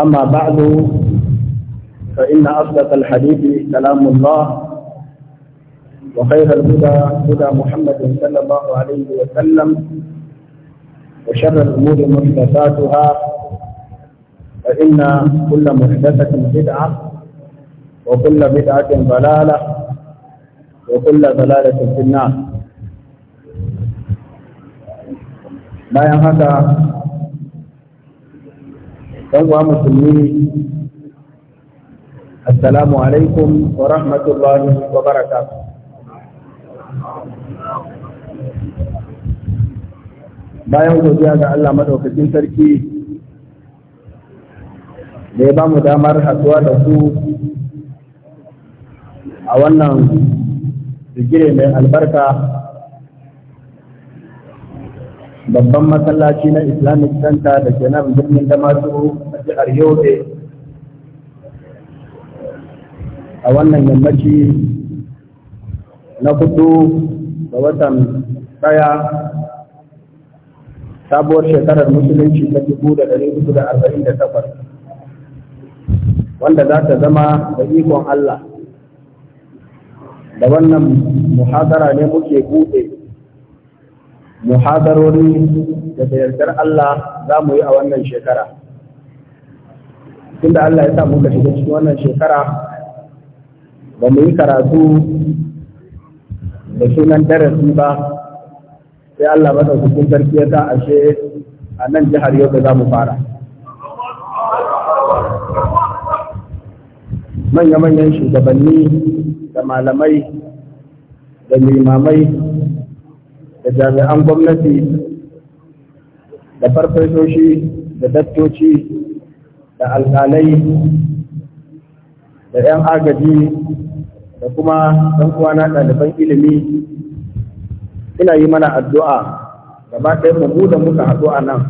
أما بعد فإن أصدق الحديث كلام الله وخير الهدى هدى محمد صلى الله عليه وسلم وشر الأمور محدثاتها فإن كل محدثة بدعة وكل بدعة ضلالة وكل ضلالة في النار ما ينهدى dan uwa musulmi assalamu alaikum wa rahmatullahi wa barakatuh bayan godiya ga Allah madaukakin sarki da ya ba mu damar hasuwa da su a wannan jigire mai albarka babban masallaci na islamic center da ke nan birnin damasu a jihar yobe a wannan yammaci na hudu da watan daya sabuwar shekarar musulunci ta dubu da arba'in da takwas wanda za ta zama da ikon allah da wannan muhadara ne muke buɗe muhadarori da yardar Allah za mu yi a wannan shekara tunda Allah ya sa muka shiga cikin wannan shekara ba mu yi karatu da sunan darasi ba sai Allah madaukakin sarki ya sa ashe a nan jihar yau da za mu fara manya-manyan shugabanni da malamai da limamai da jami'an gwamnati da farfesoshi da dattoci da alƙalai da 'yan agaji da kuma ɗan uwana ɗaliban ilimi ina yi mana addu'a ba ɗaya mu da muka haɗu a nan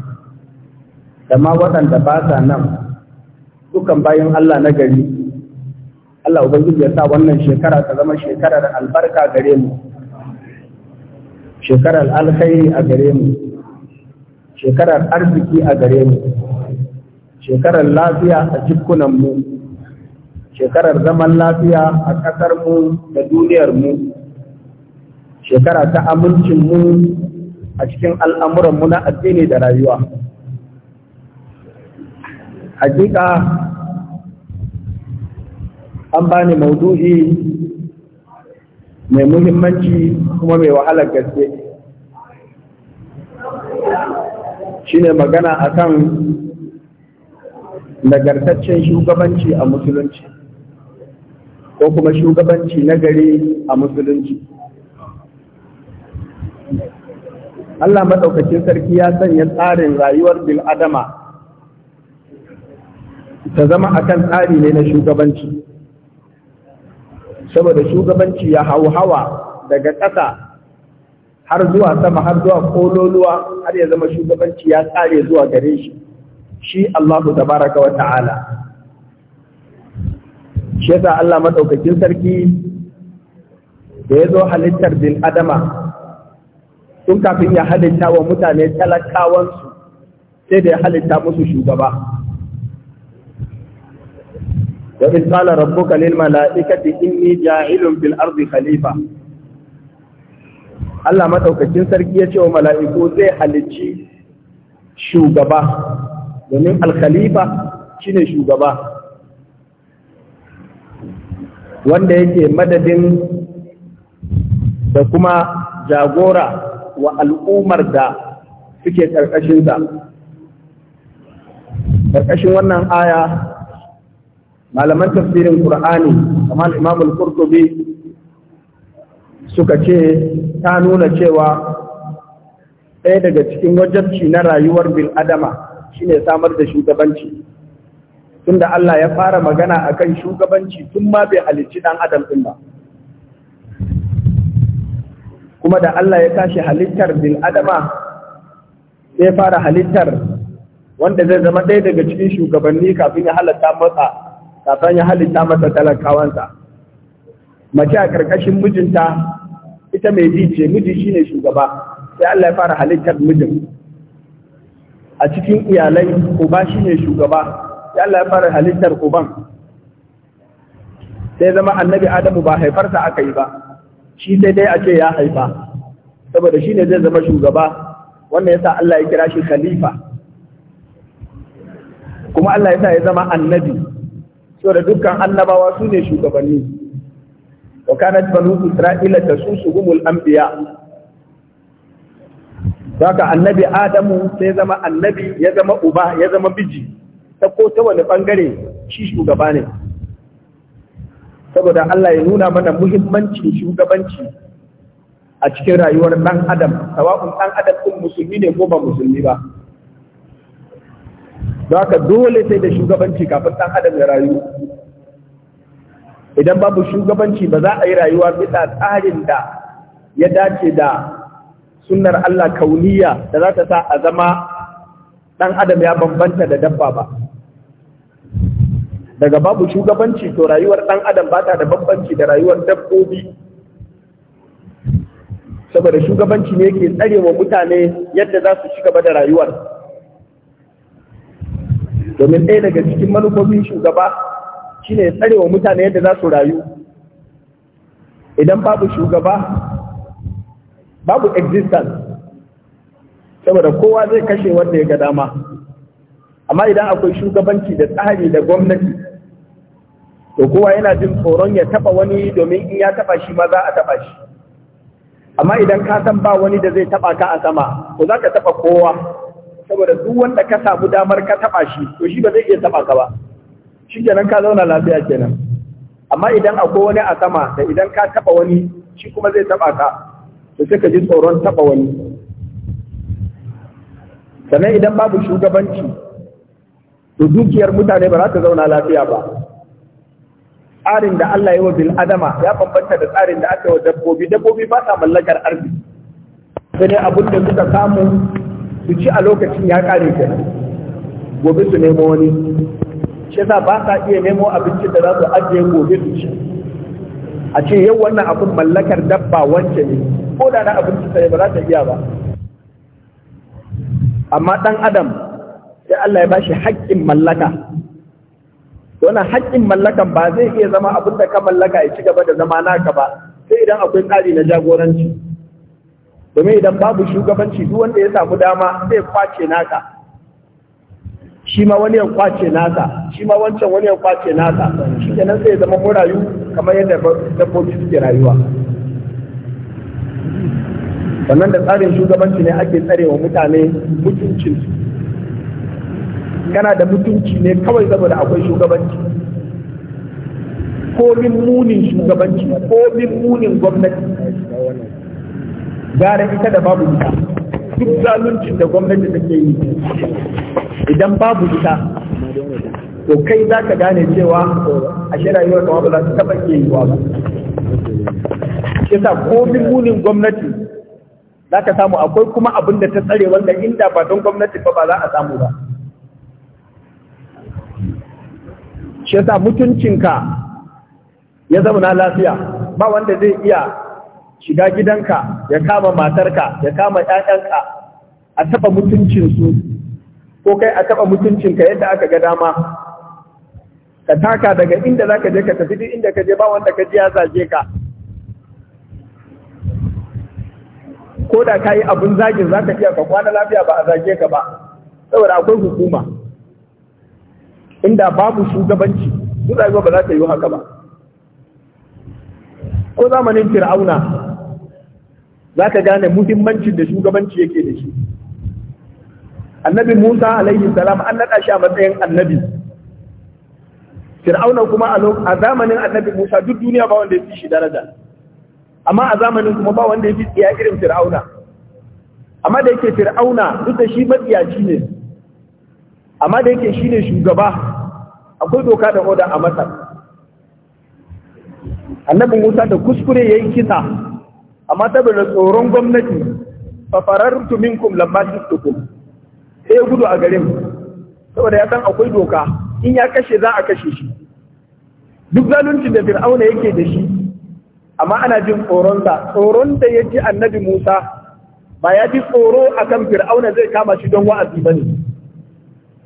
da ma waɗanda ba sa nan dukan bayan Allah na gari Allah Ubangiji ya sa wannan shekara ta zama shekarar albarka gare mu shekarar alkhairi a gare mu shekarar arziki a gare mu shekarar lafiya a jikunan mu shekarar zaman lafiya a ƙasarmu mu da duniyar mu shekara ta amincin mu a cikin al'amuran mu na addini da rayuwa hakika an bani maudu'i mai muhimmanci kuma mai wahalar gaske shine magana akan nagartaccen shugabanci a musulunci ko kuma shugabanci nagari a musulunci Allah maɗaukacin sarki ya sanya tsarin rayuwar bil'adama ta zama akan tsari ne na shugabanci saboda shugabanci ya hau hawa daga ƙasa har zuwa sama har zuwa kololuwa har ya zama shugabanci ya tsare zuwa gare shi shi Allahu tabaraka wa ta'ala shi yasa Allah madaukakin sarki da ya zo halittar bin adama tun kafin ya halitta wa mutane talakawansu sai da ya halitta musu shugaba wa in qala rabbuka lil mala'ikati inni ja'ilun fil ardi khalifa Allah madaukakin sarki ya ce wa mala'iku zai halici shugaba domin al khalifa shine shugaba wanda yake madadin da kuma jagora wa al'ummar da suke ƙarƙashinsa. Ƙarƙashin wannan aya malaman tafsirin qur'ani kamar imam al-qurtubi suka ce ta nuna cewa ɗaya daga cikin wajabci na rayuwar bil adama shine samar da shugabanci tunda Allah ya fara magana akan shugabanci tun ma bai halicci dan adam din ba kuma da Allah ya tashi halittar bil adama sai fara halittar wanda zai zama ɗaya daga cikin shugabanni kafin ya halatta matsa kafin ya halitta masa talakawansa mace a ƙarƙashin mijinta ita mai ji ce miji shine shugaba sai Allah ya fara halittar mijin a cikin iyalai uba shine shugaba sai Allah ya fara halittar uban sai zama annabi Adamu ba haifarsa aka yi ba shi sai dai a ce ya haifa saboda shine zai zama shugaba wannan ya sa Allah ya kira shi khalifa kuma Allah yasa ya zama annabi da dukkan annabawa su ne shugabanni wa kanat banu isra'ila su tasusuhumul anbiya Zaka annabi Adamu sai zama annabi ya zama uba ya zama biji ta ko ta wani bangare shi shugaba ne. Saboda Allah ya nuna mana muhimmancin shugabanci a cikin rayuwar ɗan Adam, sawa'un ɗan Adam ɗin musulmi ne ko ba musulmi ba. Zaka haka dole sai da shugabanci kafin ɗan adam ya rayu idan babu shugabanci ba za a yi rayuwa bisa tsarin da ya dace da sunar Allah kauniya da za ta sa a zama ɗan adam ya bambanta da dabba ba daga babu shugabanci to rayuwar ɗan adam ba ta da bambanci da rayuwar dabbobi saboda shugabanci ne ke tsarewa mutane yadda za su ci gaba da rayuwar domin ɗaya daga cikin manufofin shugaba shine ya tsare wa mutane yadda za su rayu idan babu shugaba babu existence saboda kowa zai kashe wanda ya ga dama amma idan akwai shugabanci da tsari da gwamnati to kowa yana jin tsoron ya taba wani domin in ya taba shi ma za a taba shi amma idan ka san ba wani da zai taba ka a sama ko za ka taba kowa saboda duk wanda ka samu damar ka taba shi to shi ba zai iya taba ka ba shi kenan ka zauna lafiya kenan amma idan akwai wani a sama da idan ka taba wani shi kuma zai taba ka to sai ka ji tsoron taba wani sannan idan babu shugabanci to dukiyar mutane ba za ta zauna lafiya ba tsarin da Allah ya wa bil adama ya bambanta da tsarin da aka yi wa dabbobi dabbobi ba sa mallakar arziki sai abin da suka samu su ci a lokacin ya ƙare kenan gobe su nemo wani shi za ba sa iya nemo abinci da za su ajiye gobe su ci a ce yau wannan abin mallakar dabba wance ne ko da na abinci sai ba za ta iya ba amma dan adam sai Allah ya bashi haƙƙin mallaka wannan haƙƙin mallakan ba zai iya zama abin da ka mallaka ya ci gaba da zama naka ba sai idan akwai tsari na jagoranci domin idan babu shugabanci duk wanda ya samu dama zai kwace naka shi ma wani ya kwace nasa shi ma wancan wani ya kwace nasa shi nan sai zama mu rayu kamar yadda dabbobi suke rayuwa sannan da tsarin shugabanci ne ake tsare wa mutane su. kana da mutunci ne kawai saboda akwai shugabanci komin munin shugabanci komin munin gwamnati gara ita da babu ita duk zaluncin da gwamnati take yi idan babu ita to kai za ka gane cewa a shi rayuwar kama ba za ta taɓa ke yiwa ba yasa komin munin gwamnati za ka samu akwai kuma abin da ta tsare wanda inda ba don gwamnati ba ba za a samu ba shi yasa mutuncinka ya zama na lafiya ba wanda zai iya shiga gidanka ya kama matarka ya kama ƴaƴanka a taɓa mutuncinsu ko kai a taɓa mutuncinka yadda aka ga dama ka taka daga inda za ka je ka tafi duk inda ka je ba wanda ka ji ya zage ka ko da ka yi abin zagin za ka iya ka kwana lafiya ba a zage ka ba saboda akwai hukuma inda babu shugabanci duk rayuwa ba za ta yi haka ba ko zamanin fir'auna za ka gane muhimmancin da shugabanci yake da shi annabi musa alaihi salam an naɗa shi a matsayin annabi fir'auna kuma a zamanin annabi musa duk duniya ba wanda ya fi shi daraja amma a zamanin kuma ba wanda ya fi tsaya irin fir'auna amma da yake fir'auna duk da shi matsiyaci ne amma da yake shi ne shugaba akwai doka da oda a masar Annabi musa da kuskure ya yi kisa amma saboda tsoron gwamnati fa kum minkum lamma shiftukum sai ya gudu a garin saboda ya san akwai doka in ya kashe za a kashe shi duk zaluncin da fir'auna yake da shi amma ana jin tsoronsa tsoron da ya ji annabi musa ba ya ji tsoro a kan fir'auna zai kama shi don wa'azi ba ne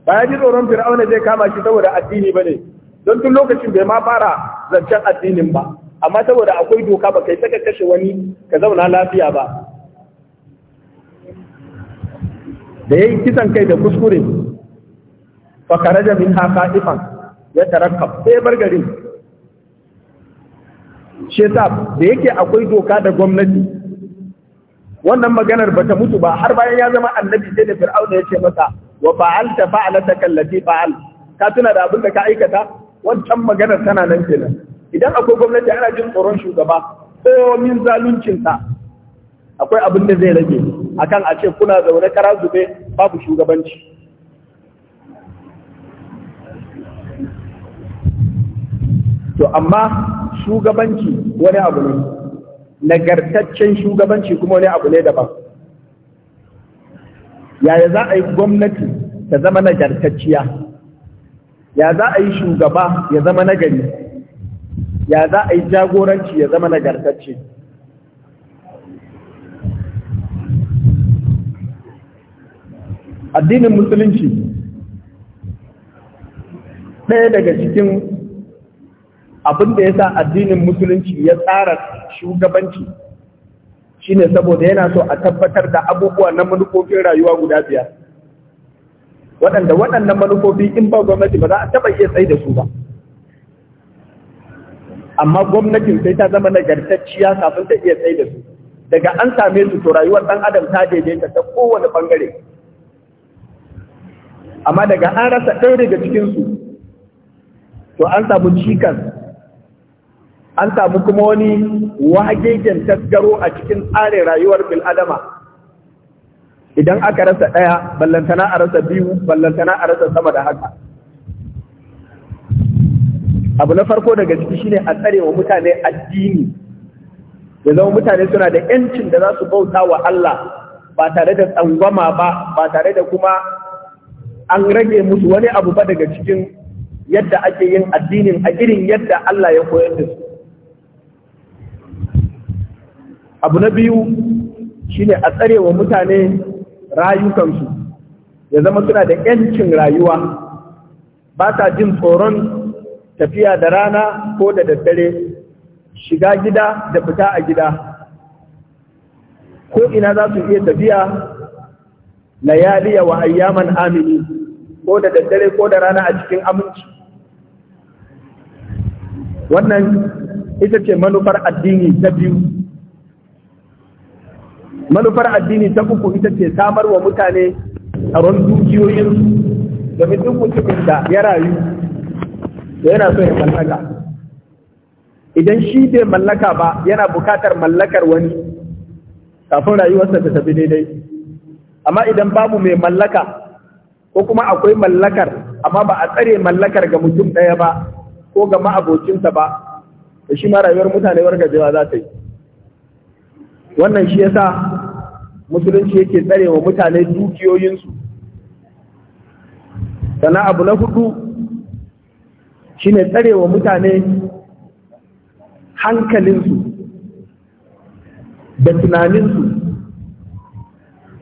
ba ya ji tsoron fir'auna zai kama shi saboda addini ba ne don tun lokacin bai ma fara zancen addinin ba amma saboda akwai doka ba kai saka kashe wani ka zauna lafiya ba da yayin kisan kai da kuskure fa karaja min haka ifan ya tarakkab sai bar garin shi da yake akwai doka da gwamnati wannan maganar ba ta mutu ba har bayan ya zama annabi sai da fir'auna ya ce masa wa fa'alta fa'alataka allati fa'al ka tuna da abin da ka aikata wancan maganar tana nan kenan idan akwai gwamnati ana jin tsoron shugaba ko min zaluncinta, akwai abin da zai rage akan a ce kuna zaune kara zube babu shugabanci to amma shugabanci wani abu ne nagartaccen shugabanci kuma wani abu ne daban yaya za a yi gwamnati ta zama nagartacciya ya za a yi shugaba ya zama nagari ya za a yi jagoranci ya zama nagartacce addinin musulunci ɗaya daga cikin abin da ya sa addinin musulunci ya tsara shugabanci shine saboda yana so a tabbatar da abubuwa na manufofin rayuwa guda biyar waɗanda waɗannan manufofi in ba gwamnati ba za a taɓa iya tsaye da su ba amma gwamnatin sai ta zama nagartacciya kafin ta iya tsaye da su daga an same su to rayuwar ɗan adam ta daidaita ta kowane bangare amma daga an rasa ɗaya daga cikinsu to an samu cikas an samu kuma wani wagegen tasgaro a cikin tsarin rayuwar bil'adama idan aka rasa ɗaya ballantana a rasa biyu ballantana a rasa sama da haka abu na farko daga ciki shine a tsare wa mutane addini ya zama mutane suna da yancin da za su bauta wa Allah ba tare da tsangwama ba ba tare da kuma an rage musu wani abu ba daga cikin yadda ake yin addinin a irin yadda Allah ya koyar da su abu na biyu shine a tsare wa mutane rayukansu ya zama suna da yancin rayuwa ba ta jin tsoron tafiya da rana ko da daddare shiga gida da fita a gida ko ina za su iya tafiya layaliya wa ayyaman amini ko da daddare ko da rana a cikin aminci wannan ita ce manufar addini ta biyu manufar addini ta uku ita ce samar wa mutane tsaron dukiyoyinsu domin duk mutumin da ya rayu da yana so ya mallaka idan shi bai mallaka ba yana bukatar mallakar wani kafin rayuwarsa ta tafi daidai amma idan babu mai mallaka ko kuma akwai mallakar amma ba a tsare mallakar ga mutum ɗaya ba ko ga ma'abocinsa ba da shi ma rayuwar mutane wargajewa za ta yi wannan shi yasa musulunci yake tsare wa mutane dukiyoyinsu sana abu na hudu shine tsarewa mutane hankalinsu da tunaninsu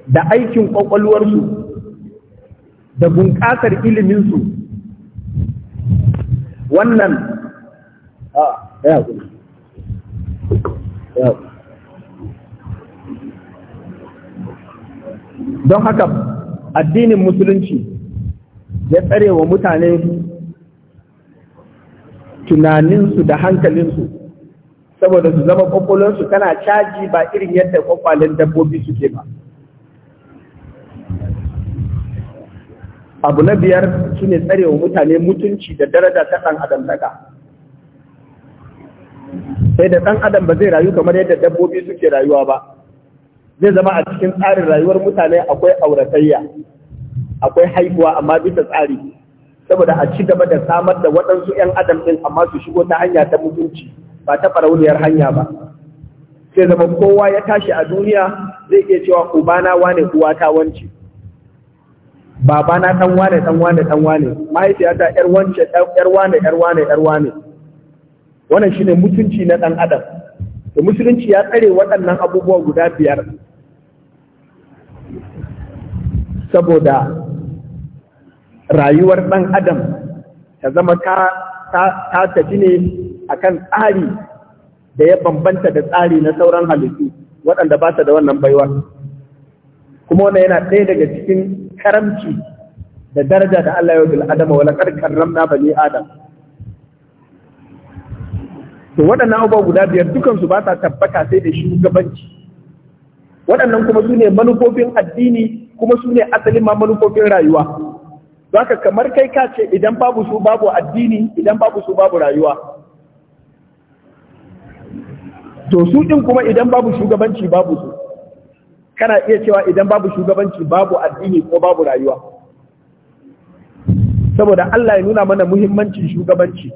da aikin ƙwaƙwalwarsu da bunƙasar iliminsu wannan a ya don haka addinin musulunci ya tsarewa wa mutane tunaninsu da hankalinsu saboda su zama kwakwalonsu tana caji ba irin yadda kwakwalen dabbobi suke ba abu na biyar shine tsarewa mutane mutunci da daraja ta ɗan adam daga sai da ɗan adam ba zai rayu kamar yadda dabbobi suke rayuwa ba zai zama a cikin tsarin rayuwar mutane akwai auratayya akwai haihuwa amma bisa tsari saboda a ci gaba da samar da waɗansu 'yan adam ɗin amma su shigo ta hanya ta mutunci ba ta farauniyar hanya ba sai zama kowa ya tashi a duniya zai iya cewa ubana wane uwata wance babana ɗan wane ɗan wane ɗan wane mahaifiyata yar wance ‘yar wane yar wane yar wane wannan shine mutunci na ɗan adam da musulunci ya tsare waɗannan abubuwa guda biyar saboda rayuwar ɗan adam ta zama ta tafi ne a kan tsari da ya bambanta da tsari na sauran halittu waɗanda ba ta da wannan baiwa kuma wannan yana ɗaya daga cikin karamci da daraja da Allah ya bil adama wala qad karramna bani adam to waɗannan abubuwa guda biyar dukansu ba ta tabbata sai da shugabanci waɗannan kuma su ne manufofin addini kuma su ne asalin ma manufofin rayuwa Zaka kamar kai ka ce idan babu su babu addini idan babu su babu rayuwa. To su ɗin kuma idan babu shugabanci babu su. Kana iya cewa idan babu shugabanci babu addini ko babu rayuwa. Saboda Allah ya nuna mana muhimmancin shugabanci.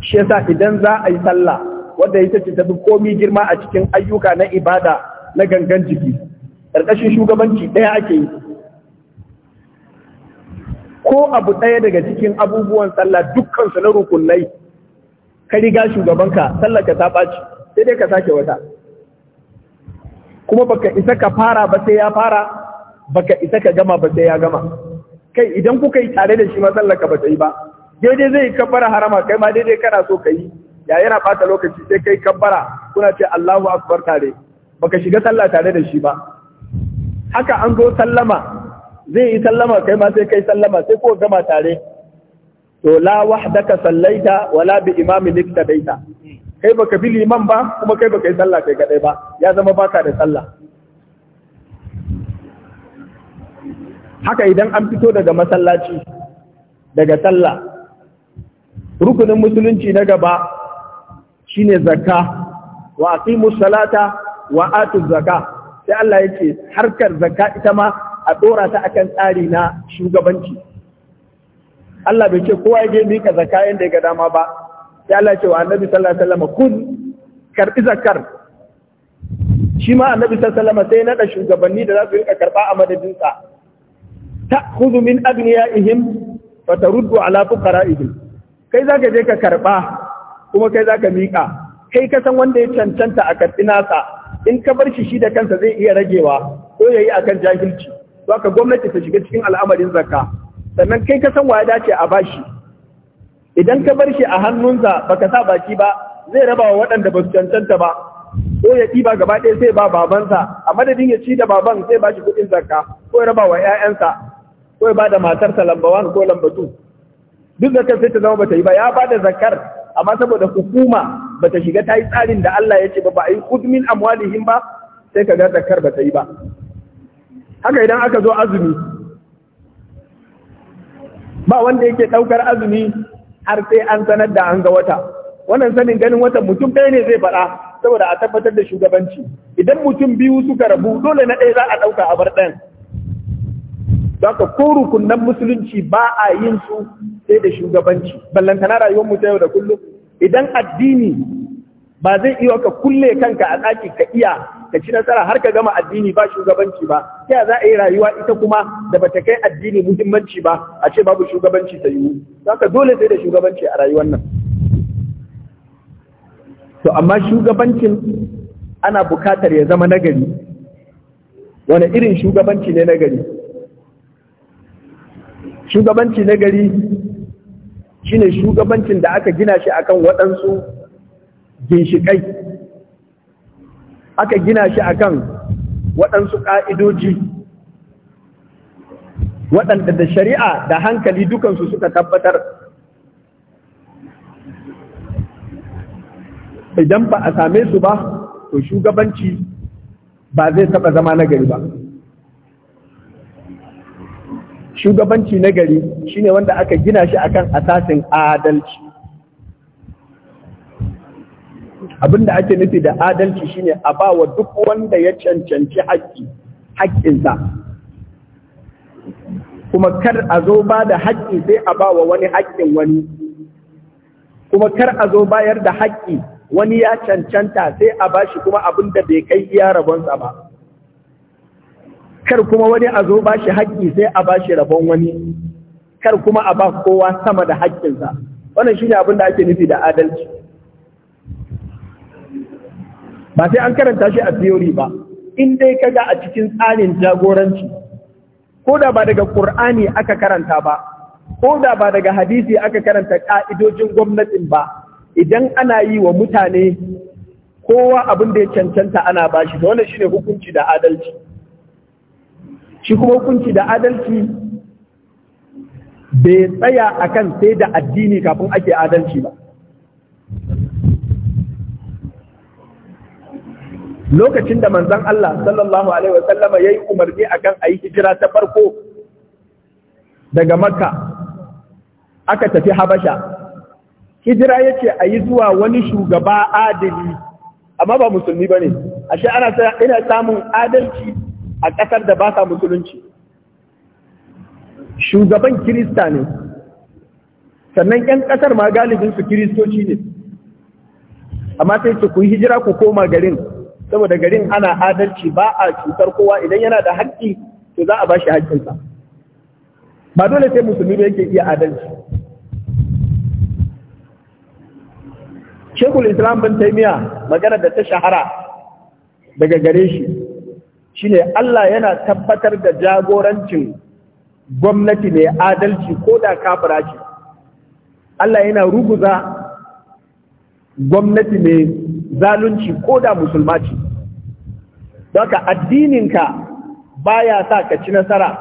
Shi yasa idan za a yi sallah wadda ya ce tafi komi girma a cikin ayyuka na ibada na gangan jiki. Ƙarƙashin shugabanci ɗaya ake yi. ko abu ɗaya daga cikin abubuwan sallah dukkansu na rukunai ka riga shugabanka sallah ka ta ɓaci sai dai ka sake wata kuma baka isa ka fara ba sai ya fara baka isa ka gama ba sai ya gama kai idan kuka yi tare da shi ma sallah ka ba ta yi ba daidai zai kabbara harama kai ma daidai kana so ka yi ya yana ɓata lokaci sai kai kabbara kuna ce Allahu akbar tare baka shiga sallah tare da shi ba haka an zo sallama zai yi sallama kai ma sai kai sallama sai ko gama tare to la wahdaka sallaita wala bi imami imamin baita kai baka bi liman ba kuma kai baka yi sallah kai kadai ba ya zama baka da sallah haka idan an fito daga masallaci daga sallah rukunin musulunci na gaba shine zakka wa aqimus salata wa atuz zakka sai Allah yake harkar zakka ita ma a ɗora ta akan tsari na shugabanci Allah bai ce kowa ya je mika zaka yadda ya ga dama ba ya Allah ce wa annabi sallallahu alaihi wasallam kun karɓi zakar? shi ma annabi sallallahu alaihi wasallam sai naɗa shugabanni da za su rika karba a madadin sa ta'khudhu min aghniyaihim wa ala ihim. kai zaka je ka karɓa kuma kai za ka miƙa. kai ka san wanda ya cancanta a karɓi nasa in ka bar shi shi da kansa zai iya ragewa ko ya yi akan jahilci haka gwamnati ta shiga cikin al'amarin zakka sannan kai ka san wa ya dace a bashi idan ka bar shi a hannunsa baka sa baki ba zai raba wa waɗanda ba su cancanta ba ko ya ɗiba gaba ɗaya sai ba babansa a madadin ya ci da baban sai ba shi kuɗin zakka ko ya raba wa 'ya'yansa ko ya ba da matarsa lambawan ko lambatu duk zakar sai ta zama bata yi ba ya ba da zakar amma saboda hukuma bata shiga ta yi tsarin da Allah ya ce ba ba a yi kudmin amwalihim ba sai ka ga zakar bata yi ba haka idan aka zo azumi ba wanda yake ɗaukar azumi har sai an sanar da an ga wata wannan sanin ganin wata mutum ɗaya ne zai faɗa saboda a tabbatar da shugabanci idan mutum biyu suka rabu dole na ɗaya za a ɗauka a bar ɗayan don ka ko rukunan musulunci ba a yin su sai da shugabanci ballantana rayuwar mu ta yau da kullum idan addini ba zai iya ka kulle kanka a ɗaki ka iya ka ci nasara har ka gama addini ba shugabanci ba ta za a yi rayuwa ita kuma da bata kai addini muhimmanci ba a ce babu shugabanci ta yiwu haka dole sai da shugabanci a rayuwar nan to amma shugabancin ana bukatar ya zama nagari wani irin shugabanci ne nagari shugabanci nagari shine shugabancin da aka gina shi akan waɗansu ginshiƙai aka gina shi a kan waɗansu ƙa'idoji waɗanda da shari'a da hankali dukansu suka tabbatar idan ba a same su ba to shugabanci ba zai taɓa zama nagari ba shugabanci nagari shine wanda aka gina shi akan asasin adalci abinda ake nufi da adalci shine a ba wa duk wanda ya cancanci haƙƙi haƙƙinsa kuma kar a zo ba da haƙƙi sai a ba wa wani haƙƙin wani kuma kar a zo bayar da haƙƙi wani ya cancanta sai a ba shi kuma abin da bai kai iya rabonsa ba kar kuma wani a zo ba shi haƙƙi sai a ba shi rabon wani kar kuma a ba kowa sama da haƙƙinsa wannan shine abin da ake nufi da adalci ba sai an karanta shi a theory ba in dai kaga a cikin tsarin jagoranci ko da ba daga Qur'ani aka karanta ba ko da ba daga hadisi aka karanta ƙa'idojin gwamnatin ba idan ana yi wa mutane kowa abin da ya cancanta ana bashi to wannan shine hukunci da adalci shi kuma hukunci da adalci bai tsaya akan sai da addini kafin ake adalci ba lokacin da manzon Allah sallallahu alaihi ya yayi umarni akan ayi hijira ta farko daga Makka aka tafi Habasha hijira yace ayi zuwa wani shugaba adili amma ba musulmi bane ashe ana ina samun adalci a ƙasar da ba sa musulunci shugaban kirista ne sannan 'yan ƙasar ma galibinsu kiristoci ne amma sai su ku hijira ku koma garin saboda garin ana adalci ba a cutar kowa idan yana da haƙƙi to za a ba shi haƙƙinsa ba dole sai musulmi ba yake iya adalci shekul islam bin taimiya magana da ta shahara daga gare shi shine Allah yana tabbatar da jagorancin gwamnati mai adalci ko da kafira ce Allah yana ruguza gwamnati mai zalunci ko da musulma ce addinin addininka baya sa ka ci nasara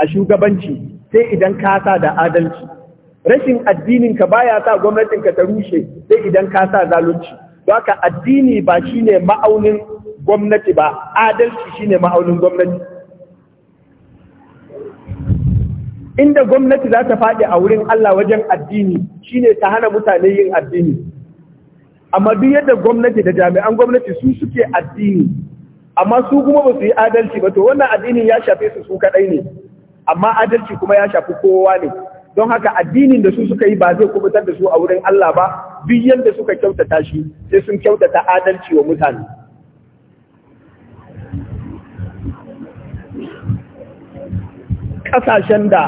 a shugabanci sai idan ka sa da adalci rashin addininka baya sa gwamnatinka ta rushe sai idan ka sa zalunci ka addini ba shine ma'aunin gwamnati ba adalci shine ma'aunin gwamnati inda gwamnati za ta faɗi a wurin Allah wajen addini shine ta hana mutane yin addini amma duk yadda gwamnati da jami'an gwamnati su suke addini amma su kuma ba su yi adalci ba to wannan addinin ya shafe su su kaɗai ne amma adalci kuma ya shafi kowa ne don haka addinin da su suka yi ba zai kubutar da su a wurin Allah ba duk yadda suka kyautata shi sai sun kyautata adalci wa mutane ƙasashen da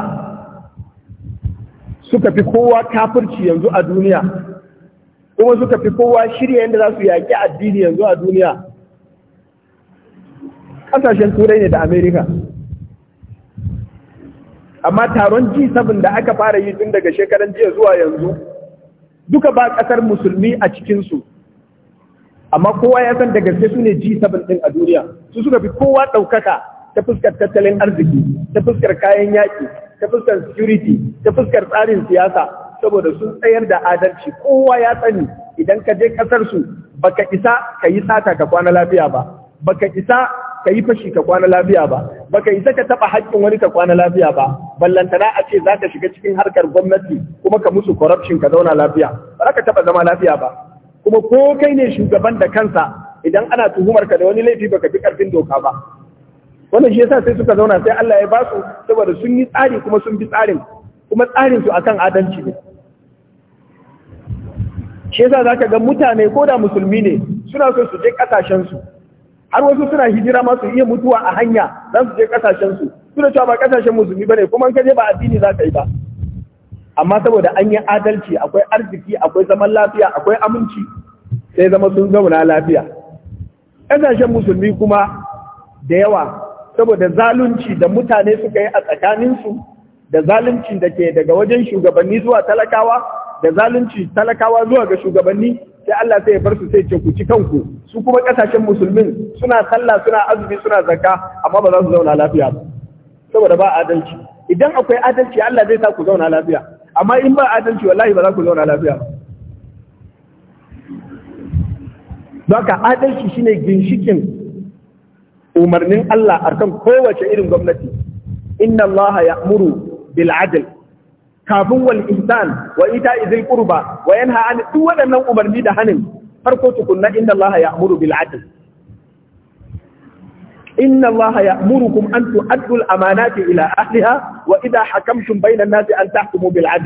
suka fi kowa kafirci yanzu a duniya kuma suka fi kowa shirya yadda za su yaƙi addini yanzu a duniya ƙasashen turai ne da amerika amma taron g7 da aka fara yi tun daga shekaran jiya zuwa yanzu duka ba ƙasar musulmi a cikinsu amma kowa ya san daga gaske su ne g7 ɗin a duniya su suka fi kowa ɗaukaka ta fuskar tattalin arziki ta fuskar kayan yaƙi ta fuskar security ta fuskar tsarin siyasa saboda sun tsayar da adalci kowa ya tsani idan ka je kasar su baka isa ka yi sata ka kwana lafiya ba baka isa ka yi fashi ka kwana lafiya ba baka isa ka taba haƙƙin wani ka kwana lafiya ba ballantana a ce za ka shiga cikin harkar gwamnati kuma ka musu corruption ka zauna lafiya ba ka taba zama lafiya ba kuma ko kai ne shugaban da kansa idan ana tuhumar ka da wani laifi baka bi karfin doka ba wannan shi yasa sai suka zauna sai Allah ya basu saboda sun yi tsari kuma sun bi tsarin kuma tsarin su akan adalci ne shi yasa zaka ga mutane ko da musulmi ne suna so su je kasashen su har wasu suna hijira ma su iya mutuwa a hanya dan su je kasashen su suna cewa ba kasashen musulmi bane kuma ka je ba addini zaka yi ba amma saboda an yi adalci akwai arziki akwai zaman lafiya akwai aminci sai zama sun zauna lafiya kasashen musulmi kuma da yawa saboda zalunci da mutane suka yi a tsakaninsu da zalunci da ke daga wajen shugabanni zuwa talakawa da zalunci talakawa zuwa ga shugabanni sai Allah sai ya bar su sai ku ci kanku su kuma kasashen musulmin suna sallah suna azumi suna zakka amma ba za su zauna lafiya ba saboda ba adalci idan akwai adalci Allah zai sa ku zauna lafiya amma in ba adalci wallahi ba za ku zauna lafiya ba Baka adalci shine ginshikin umarnin Allah akan kowace irin gwamnati inna Allah ya'muru bil adl kafin wal ihsan wa ita izil qurba wa yanha duk waɗannan umarni da hanin farko tukunna inna Allah ya'muru bil adl inna Allah kuma an tu'addu al amanati ila ahliha wa idha hakamtum bayna an-nasi an tahkumu bil a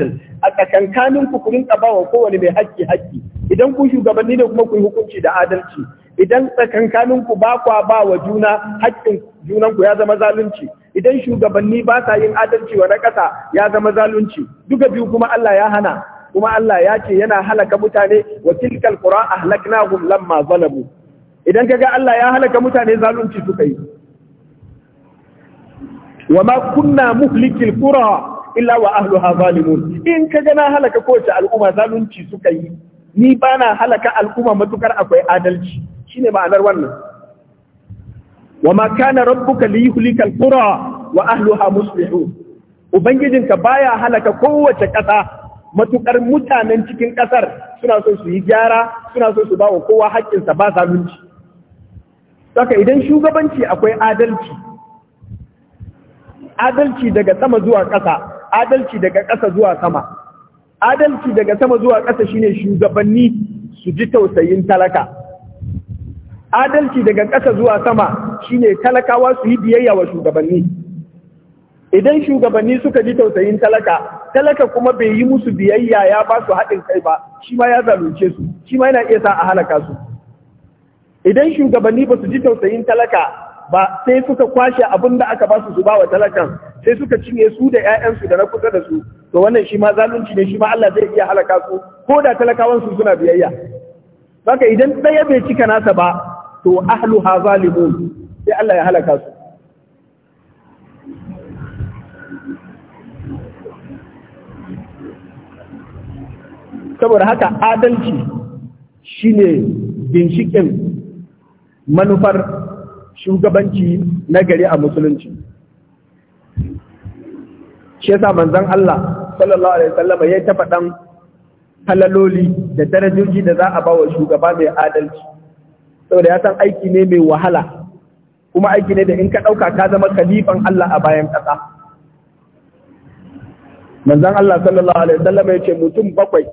tsakankanin ku kun ba wa kowane mai haƙƙi haƙƙi idan ku shugabanni ne kuma ku yi hukunci da adalci idan tsakankanin ku ba kwa ba wa juna haƙƙin junanku, ya zama zalunci idan shugabanni ba sa yin adalci wa na ƙasa ya zama zalunci duka biyu kuma Allah ya hana kuma Allah ya ce yana halaka mutane wa tilkal qura ahlaknahum lamma zalamu idan kaga Allah ya halaka mutane zalunci suka yi wa ma kunna muhlikil qura illa wa ahluha zalimun in kaga na halaka kowace al'umma zalunci suka yi ni bana halaka al'umma matukar akwai adalci shine ma'anar wannan wa ma kana rabbuka liyuhlika alqura wa ahliha muslihun ubangijinka baya halaka kowace ƙasa matukar mutanen cikin ƙasar suna so su yi gyara suna so su ba wa kowa haƙƙinsa ba zalunci saka idan shugabanci akwai adalci adalci daga sama zuwa ƙasa adalci daga ƙasa zuwa sama adalci daga sama zuwa ƙasa shine shugabanni su ji tausayin talaka adalci daga ƙasa zuwa sama shine talakawa su yi biyayya wa shugabanni idan shugabanni suka ji tausayin talaka talaka kuma bai yi musu biyayya ya ba su haɗin kai ba shi ma ya zalunce su shi ma yana iya sa a halaka su idan shugabanni ba su ji tausayin talaka ba sai suka kwashe abin da aka ba su su ba wa talakan sai suka cinye su da 'ya'yansu da na kusa da su to wannan shi ma zalunci ne shi ma Allah zai iya halaka su ko da talakawan su suna biyayya haka idan ɗaya bai cika nasa ba to ha zalimun sai Allah ya halaka su saboda haka adalci shine ginshikin manufar shugabanci na gari a musulunci shi yasa manzon Allah sallallahu alaihi wasallama ya ta ɗan halaloli da darajoji da za a ba wa shugaba mai adalci saboda ya san aiki ne mai wahala kuma aiki ne da in ka ɗauka ka zama kalifan Allah a bayan ƙasa Manzan Allah sallallahu alaihi wasallam ya ce mutum bakwai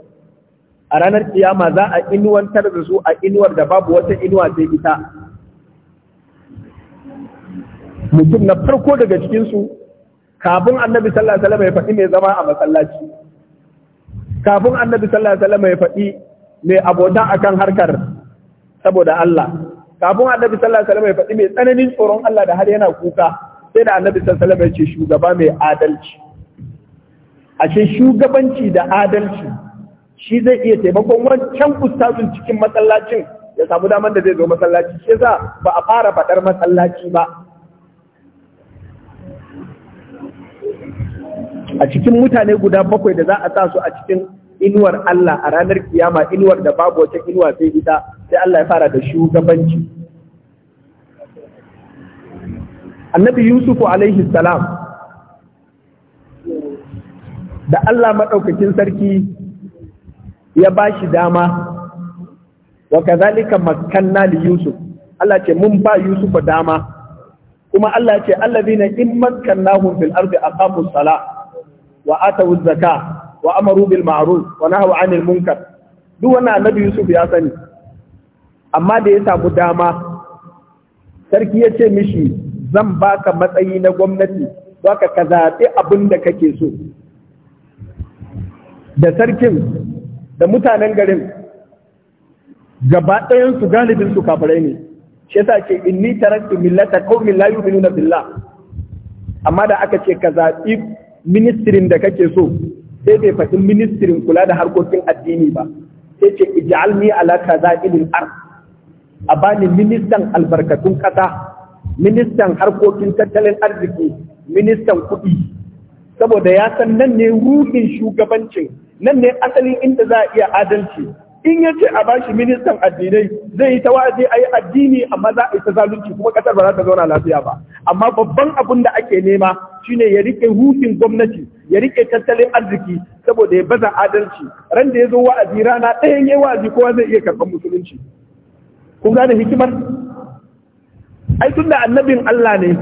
a ranar kiyama za a inuwantar da su a inuwar da babu wata inuwa sai ita mutum na farko daga cikinsu kafin annabi sallallahu alaihi wasallam ya faɗi mai zama a masallaci kafin annabi sallallahu alaihi wasallam ya faɗi mai abota akan harkar saboda Allah kafin annabi sallallahu alaihi wasallam ya faɗi mai tsananin tsoron Allah da har yana kuka sai da annabi sallallahu alaihi ya ce shugaba mai adalci ashe shugabanci da adalci shi zai iya taimakon wancan ustazun cikin masallacin ya samu damar da zai zo masallaci shi yasa ba a fara faɗar masallaci ba a cikin mutane guda bakwai da za a sa su a cikin inuwar Allah a ranar kiyama inuwar da babu wata inuwa sai ita sai Allah ya fara da shugabanci annabi Yusuf alaihi salam da Allah maɗaukakin sarki ya ba shi dama wa kazalika makanna li Yusuf Allah ce mun ba Yusufu dama kuma Allah ce allazina in makkannahum fil ardi aqamu salah wa atawu zakah wa amaru bil ma'ruf wa nahaw 'anil munkar duk wannan annabi Yusuf ya sani amma da ya samu dama sarki ya ce mishi zan baka matsayi na gwamnati za ka zaɓi abin da kake so da sarkin da mutanen garin gaba ɗayansu galibin su kafirai ne shi yasa ce inni taraktu millata millayu minu na billah amma da aka ce ka zaɓi ministirin da kake so sai bai faɗin ministirin kula da harkokin addini ba sai ce ij'alni ala kaza ilil ard a bani ministan albarkatun ƙasa ministan harkokin tattalin arziki ministan kuɗi saboda ya san nan ne ruhin shugabancin nan ne asalin inda za a iya adalci in ya ce a bashi ministan addinai zai yi ta wa'azi a yi addini amma za a yi ta zalunci kuma kasar ba za ta zauna lafiya ba amma babban abin da ake nema shine ya rike ruhin gwamnati ya rike tattalin arziki saboda ya baza adalci ran da ya zo wa'azi rana ɗayan ya wa'azi kowa zai iya karɓar musulunci kun gane hikimar ai tun da annabin Allah ne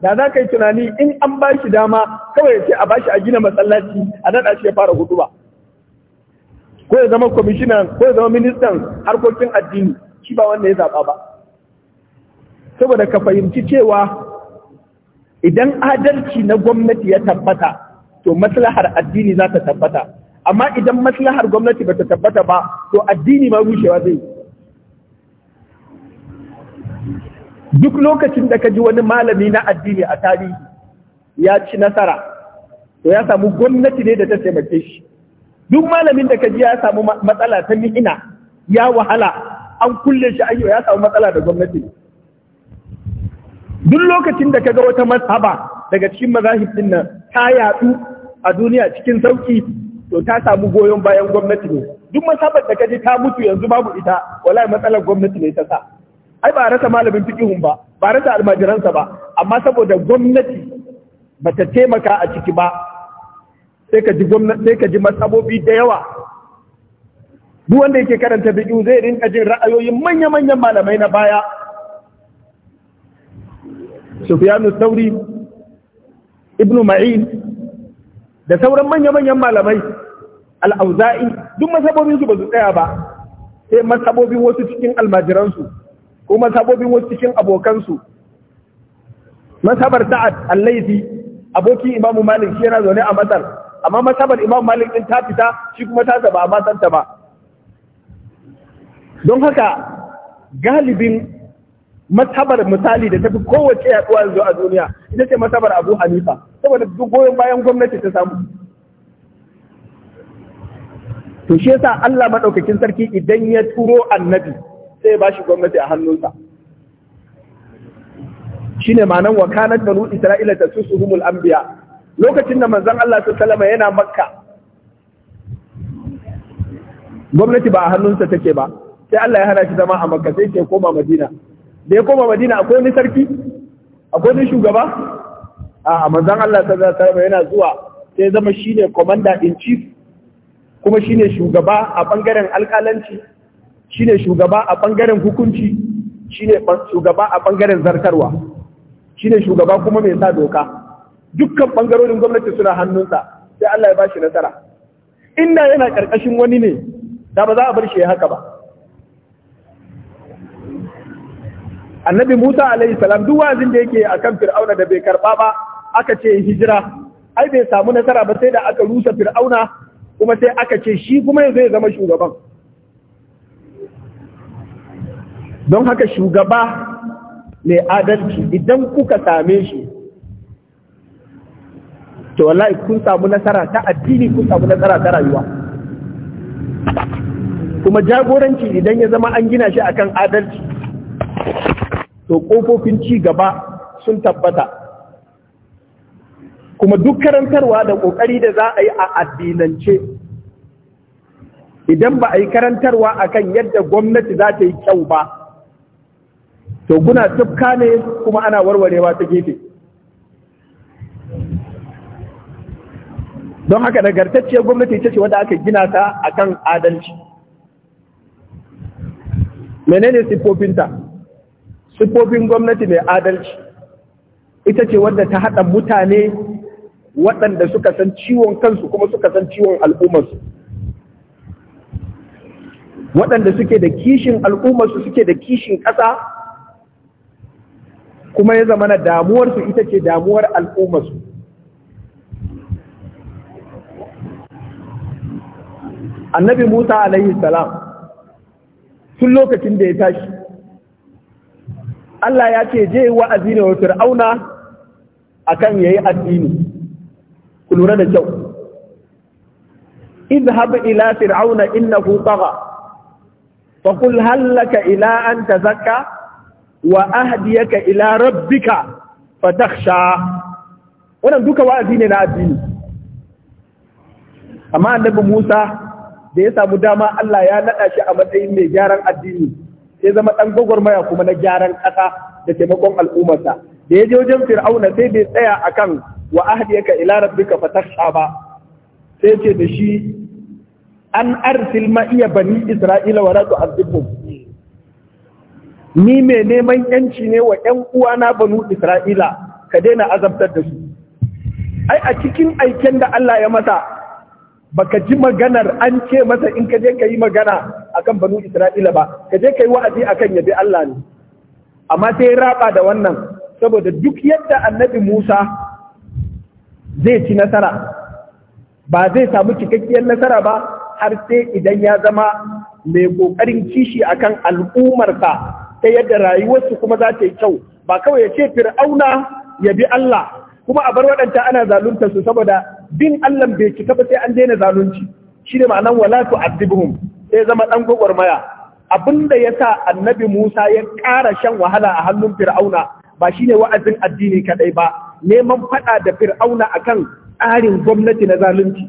da za ka yi tunani in an ba shi dama kawai ce a ba shi a gina masallaci a naɗa shi ya fara huduba ko ya zama kwamishinan ko ya zama ministan harkokin addini shi ba wanda ya zaba ba saboda ka fahimci cewa idan adalci na gwamnati ya tabbata to maslahar addini za ta tabbata amma idan maslahar gwamnati ba ta tabbata ba to addini ma rushewa zai yi duk lokacin da ka ji wani malami na addini a tarihi ya ci nasara to ya samu gwamnati ne da ta taimake shi duk malamin da ka ji ya samu matsala ta ni'ina ya wahala an kulle shi ayyo ya samu matsala da gwamnati duk lokacin da ka ga wata mazhaba daga cikin mazahib nan ta yatsu a duniya cikin sauki to ta samu goyon bayan gwamnati ne duk mazhabar da ka ji ta mutu yanzu babu ita wallahi matsalar gwamnati ne ta sa ai ba rasa malamin fiqihun ba ba rasa almajiransa ba amma saboda gwamnati bata taimaka a ciki ba sai ka ji gwamnati sai ka ji masabobi da yawa duk wanda yake karanta fiqhu zai rinka jin ra'ayoyin manya-manyan malamai na baya Sufyanu Thawri Ibn Ma'in da sauran manya-manyan malamai al-Auza'i duk masabobin su ba su tsaya ba sai masabobin wasu cikin almajiransu ko sabobin wasu cikin abokansu masabar sa'ad al-laifi abokin imamu malik shi yana zaune a masar amma masabar imam malik din ta fita shi kuma ta zaba a san ba don haka galibin masabar misali da tafi kowace yaduwa yanzu a duniya ita ce masabar abu hanifa saboda duk goyon bayan gwamnati ta samu to shi yasa Allah madaukakin sarki idan ya turo annabi sai ya bashi gwamnati a hannunsa shi ne shine ma'anan wakanat banu isra'ila tasusuhumul anbiya lokacin da manzan Allah su salama yana makka gwamnati ba a hannunsa take ba sai Allah ya hana shi zama a makka sai ke koma madina da ya koma madina akwai wani sarki akwai wani shugaba a manzan Allah su salama yana zuwa sai zama shi ne commander in chief kuma shi ne shugaba a bangaren alkalanci Shi ne shugaba a ɓangaren hukunci Shi ne shugaba a bangaren zartarwa ne shugaba kuma mai sa doka dukkan ɓangarorin gwamnati suna hannunsa sai Allah ya bashi nasara inda yana ƙarƙashin wani ne da ba za a bar shi ya haka ba annabi Musa alaihi salam duk wazin da yake akan Fir'auna da bai karɓa ba aka ce hijira ai bai samu nasara ba sai da aka rusa Fir'auna kuma sai aka ce shi kuma yanzu ya zama shugaban don haka shugaba mai adalci idan kuka same shi to wallahi kun samu nasara ta addini kun samu nasara ta rayuwa kuma jagoranci idan ya zama an gina shi akan adalci to kofofin ci gaba sun tabbata kuma duk karantarwa da kokari da za a yi a addinance idan ba a yi karantarwa akan yadda gwamnati za ta yi kyau ba to kuna tukka ne kuma ana warwarewa ta gefe don haka nagartacciyar gwamnati ita ce wanda aka gina ta a kan adalci menene siffofinta siffofin gwamnati mai adalci ita ce wadda ta haɗa mutane waɗanda suka san ciwon kansu kuma suka san ciwon al'ummarsu waɗanda suke da kishin al'ummarsu suke da kishin ƙasa kuma ya zama na damuwarsu ita ce damuwar al'ummarsu annabi musa alaihi salam tun lokacin da ya tashi Allah ya ce je wa'azi ne wa fir'auna akan yi addini ku lura da kyau Fir'auna إلى فرعون إنه طغى فقل هل ila an ta تزكى wa ahdiyaka ila rabbika fatakhsha wannan duka wa'azi ne na addini amma annabi Musa da ya samu dama Allah ya nada shi a matsayin mai gyaran addini sai zama dan gwagwarmaya kuma na gyaran ƙasa da taimakon al'ummarsa da ya je wajen Fir'auna sai bai tsaya akan wa ahdiyaka ila rabbika fatakhsha ba sai ce da shi an arsil ma iya bani Isra'ila wa la tu'adhibhum ni mai neman yanci ne wa ‘yan uwana banu Isra'ila ka daina azabtar da su. Ai, a cikin aiken da Allah ya masa, baka ji maganar an ce masa in ka je ka yi magana a kan banu Isra'ila ba, ka je ka yi wa'azi a kan yabi Allah ne. Amma sai raba da wannan, saboda duk yadda annabi Musa zai ci nasara, ba zai samu cikakkiyar nasara ba har sai idan ya zama mai ƙoƙarin kishi akan al'ummarsa ta yadda rayuwarsu kuma za ta yi kyau ba kawai ya ce fir'auna ya bi Allah kuma a bar waɗanta ana zalunta su saboda bin Allah bai cika ba sai an daina zalunci shi ne ma'anan wala azibuhum sai zama dan gwagwarmaya abinda yasa annabi Musa ya ƙara shan wahala a hannun fir'auna ba shine wa'azin addini kadai ba neman faɗa da fir'auna akan tsarin gwamnati na zalunci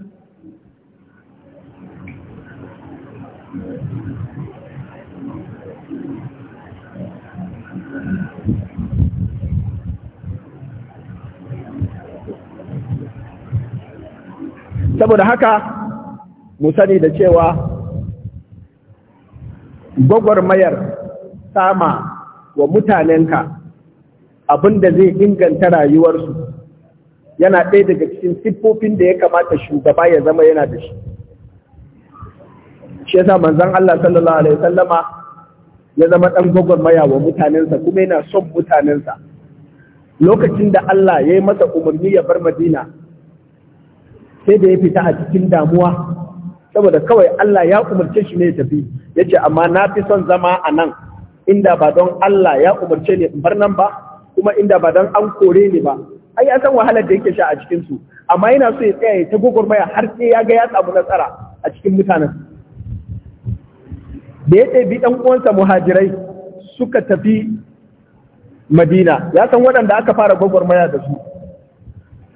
saboda haka mu sani da cewa gwagwarmayar sama wa mutanenka abin da zai inganta rayuwarsu yana ɗaya daga cikin siffofin da ya kamata shugaba ya zama yana da shi shi yasa manzon Allah sallallahu alaihi wasallama ya zama ɗan gwagwarmaya wa mutanensa kuma yana son mutanensa lokacin da Allah ya yi masa umarni ya bar Madina sai da ya fita a cikin damuwa saboda kawai Allah ya umarce shi ne ya tafi ya ce amma na fi son zama a nan inda ba don Allah ya umarce ne in bar nan ba kuma inda ba don an kore ni ba ai an san wahalar da yake sha a cikin su amma yana so ya tsaya ya ta gwagwarmaya har sai ya ga ya samu nasara a cikin mutanen da ya ɗabi ɗan uwansa muhajirai suka tafi Madina ya san waɗanda aka fara gwagwarmaya da su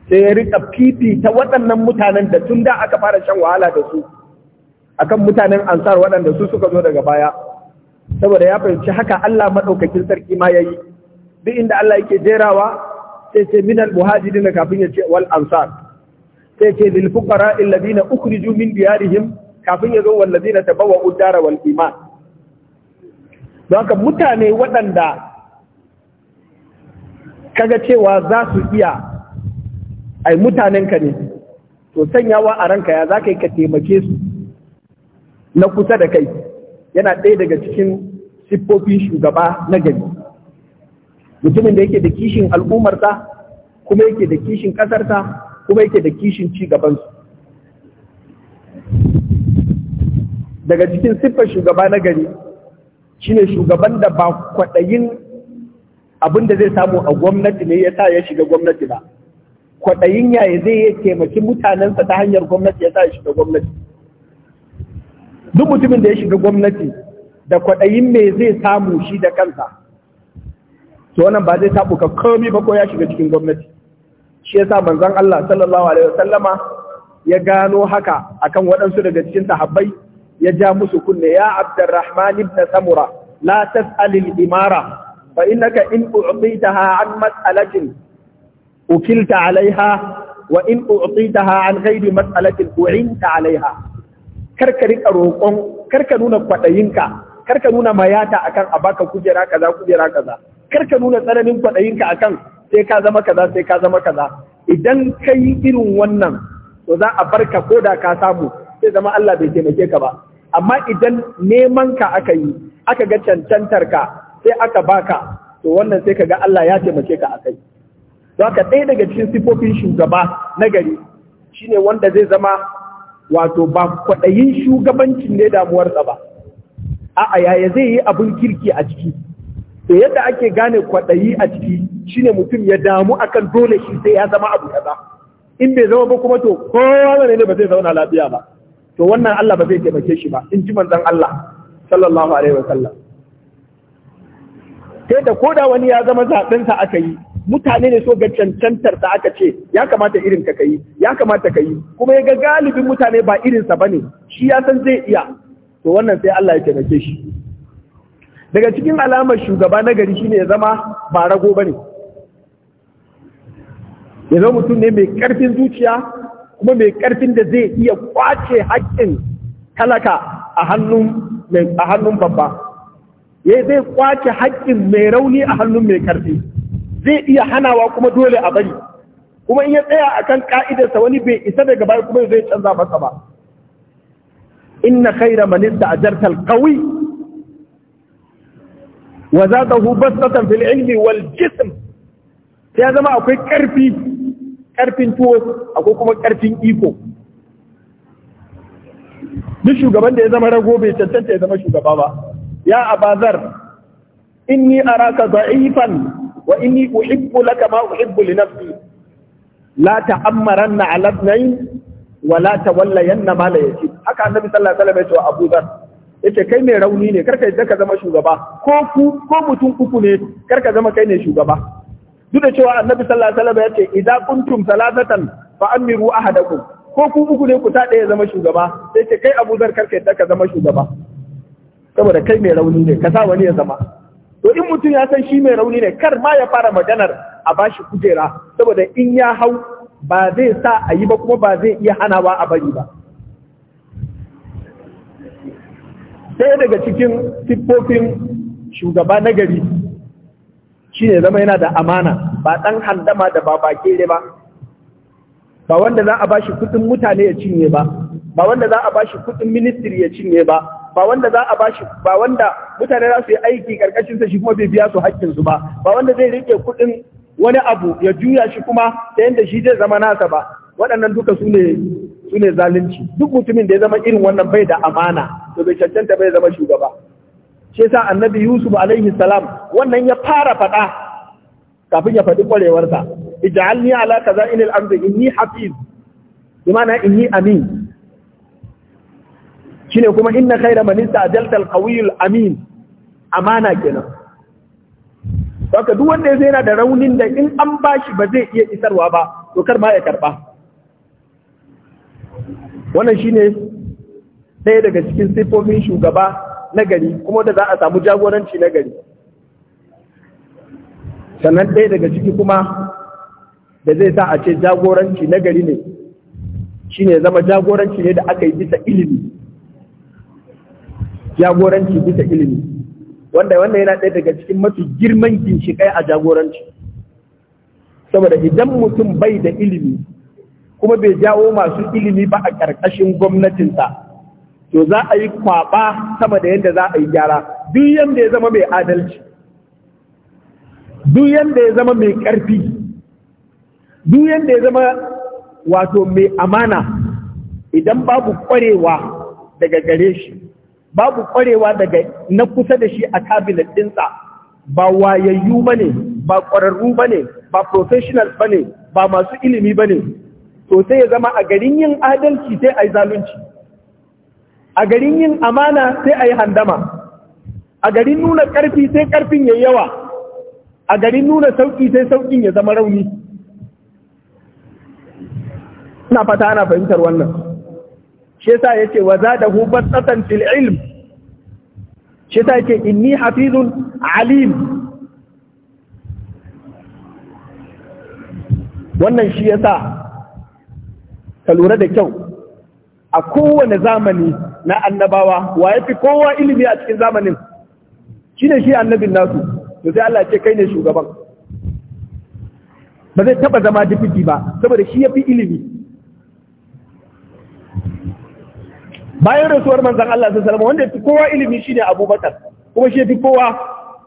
sai ya rika fifita waɗannan mutanen da tun da aka fara shan wahala da su akan mutanen ansar waɗanda su suka zo daga baya saboda ya fahimci haka Allah maɗaukakin sarki ma ya yi. duk inda Allah yake jerawa sai ce minal muhajirin kafin ya ce wal ansar sai ce lil fuqara alladhina ukhriju min diyarihim kafin ya zo wal ladina bawa udara wal iman don haka mutane waɗanda kaga cewa za su iya ai mutanenka ne to sanyawa a ranka ya za ka yi ka taimake su na kusa da kai yana ɗaya daga cikin siffofin shugaba na gari mutumin da yake da kishin al'ummarsa kuma yake da kishin ƙasarsa kuma yake da kishin ci gabansu daga cikin siffar shugaba na gari shine shugaban da ba kwaɗayin abin da zai samu a gwamnati ne ya sa ya shiga gwamnati ba kwaɗayin yaya zai ya taimaki mutanensa ta hanyar gwamnati ya sa ya shiga gwamnati duk mutumin da ya shiga gwamnati da kwaɗayin me zai samu shi da kansa to wannan ba zai ka komi ba ko ya shiga cikin gwamnati shi yasa manzon Allah sallallahu alaihi wasallama ya gano haka akan waɗansu daga cikin sahabbai ya ja musu kunne ya Abdurrahman ibn Samura la tas'al imara fa innaka in u'titaha an mas'alatin ukilta alaiha wa in u'titaha an ghairi mas'alatin u'inta alaiha karka rika roƙon karka nuna kwaɗayinka karka nuna mayata akan a baka kujera kaza kujera kaza karka nuna tsananin kwaɗayinka akan sai ka zama kaza sai ka zama kaza idan ka yi irin wannan to za a barka ko da ka samu sai zama Allah bai taimake ka ba amma idan neman ka aka yi aka ga cancantar ka sai aka baka to wannan sai ka ga Allah ya taimake ka a kai. Zaka ɗaya daga cikin sifofin shugaba na gari shine wanda zai zama wato ba kwaɗayin shugabancin ne damuwarsa ba. a yaya zai yi abin kirki a ciki. To yadda ake gane kwaɗayi a ciki shine mutum ya damu akan dole shi sai ya zama abu kaza. In bai zama ba kuma to kowa ne ba zai zauna lafiya ba. To wannan Allah ba zai taimake shi ba in ji manzon Allah sallallahu alaihi wa sallam. Sai da koda wani ya zama zaɓensa aka yi mutane ne so ga cancantar da aka ce ya kamata irin ka kai ya kamata ka yi kuma ya ga galibin mutane ba irinsa ba ne shi ya san zai iya to wannan sai Allah ya taimake shi daga cikin alamar shugaba na gari shine ya zama ba rago ba ne ya zama mutum ne mai karfin zuciya kuma mai karfin da zai iya kwace haƙƙin talaka a hannun babba zai kwace haƙƙin mai rauni a hannun mai karfi zai iya hanawa kuma dole a bari kuma in ya tsaya kan ka'idarsa wani bai isa daga baya kuma zai canza masa ba inna khaira manista a jartar kawai wa zadahu satan fil ilmi wal jism sai zama akwai karfi karfin tuwo akwai kuma karfin iko duk shugaban da ya zama rago bai cancanta ya zama shugaba ba ya abazar inni araka za'ifan wa inni uhibbu laka ma uhibbu li nafsi la ta'ammaranna ala ibnayn wa la tawallayanna ma la yajib haka annabi sallallahu alaihi wasallam ya ce Abu Dharr yace kai mai rauni ne karka yadda ka zama shugaba ko ku ko mutum uku ne karka zama kai ne shugaba duk da cewa annabi sallallahu alaihi wasallam ya ce idza kuntum salatatan fa amiru ahadakum ko ku uku ne ku ta daya zama shugaba sai ce kai Abu karka yadda ka zama shugaba saboda kai mai rauni ne ka sa wani ya zama to in mutum ya san shi mai rauni ne kar ma ya fara maganar a bashi kujera saboda in ya hau ba zai sa a yi ba kuma ba zai iya hanawa a bari ba sai daga cikin siffofin shugaba na gari shi ne zama yana da amana ba ɗan handama da ba ne ba ba wanda za a bashi kudin mutane ya cinye ba ba wanda za a bashi kudin ministiri ya cinye ba ba wanda za a bashi ba wanda mutane za su yi aiki karkashin sa shi kuma bai biya su haƙƙin su ba ba wanda zai rike kuɗin wani abu ya juya shi kuma ta yanda shi zai zama nasa ba waɗannan duka su ne su ne zalunci duk mutumin da ya zama irin wannan bai da amana to bai cancanta bai zama shugaba shi yasa annabi yusuf alaihi salam wannan ya fara faɗa kafin ya faɗi kwarewarsa ij'alni ala kaza'inil amri inni hafiz bi inni amin shine kuma inna khayra manista a al-qawiyul amin amana kenan saka duk wanda zai na da raunin da in an ba shi ba zai iya isarwa ba to kar ma ya karba wannan shine ɗaya daga cikin siffofin shugaba na kuma da za a samu jagoranci na gari sannan ɗaya daga ciki kuma da zai sa a ce jagoranci na gari ne shine zama jagoranci ne da aka yi bisa ilimi jagoranci bisa ilimi wanda wanda yana ɗaya daga cikin mafi girman ginshiƙai a jagoranci saboda idan mutum bai da ilimi kuma bai jawo masu ilimi ba a ƙarƙashin gwamnatinsa to za a yi kwaɓa sama da yadda za a yi gyara duk yadda ya zama mai adalci duk yadda ya zama mai ƙarfi duk yadda ya zama wato mai amana idan babu ƙwarewa daga gare shi babu kwarewa daga na kusa da shi a cabinet ɗinsa ba wayayyu ba ne ba ƙwararru ba ne ba professional ba ne ba masu ilimi ba ne to sai ya zama a garin yin adalci sai a yi zalunci a garin yin amana sai a yi handama a garin nuna ƙarfi sai ƙarfin ya yawa a garin nuna sauƙi sai sauƙin ya zama rauni ina fata ana fahimtar wannan shi sa yake wa zadahu basatan fil ilm shi sa yake inni hafizun alim wannan shi yasa ka lura da kyau a kowane zamani na annabawa wa yafi kowa ilimi a cikin zamanin shine shi annabin nasu to sai Allah ya ce kai ne shugaban ba zai taba zama dafiki ba saboda shi ya fi ilimi bayan rasuwar manzan Allah sai salama wanda fi kowa ilimi shine abubakar kuma shi fi kowa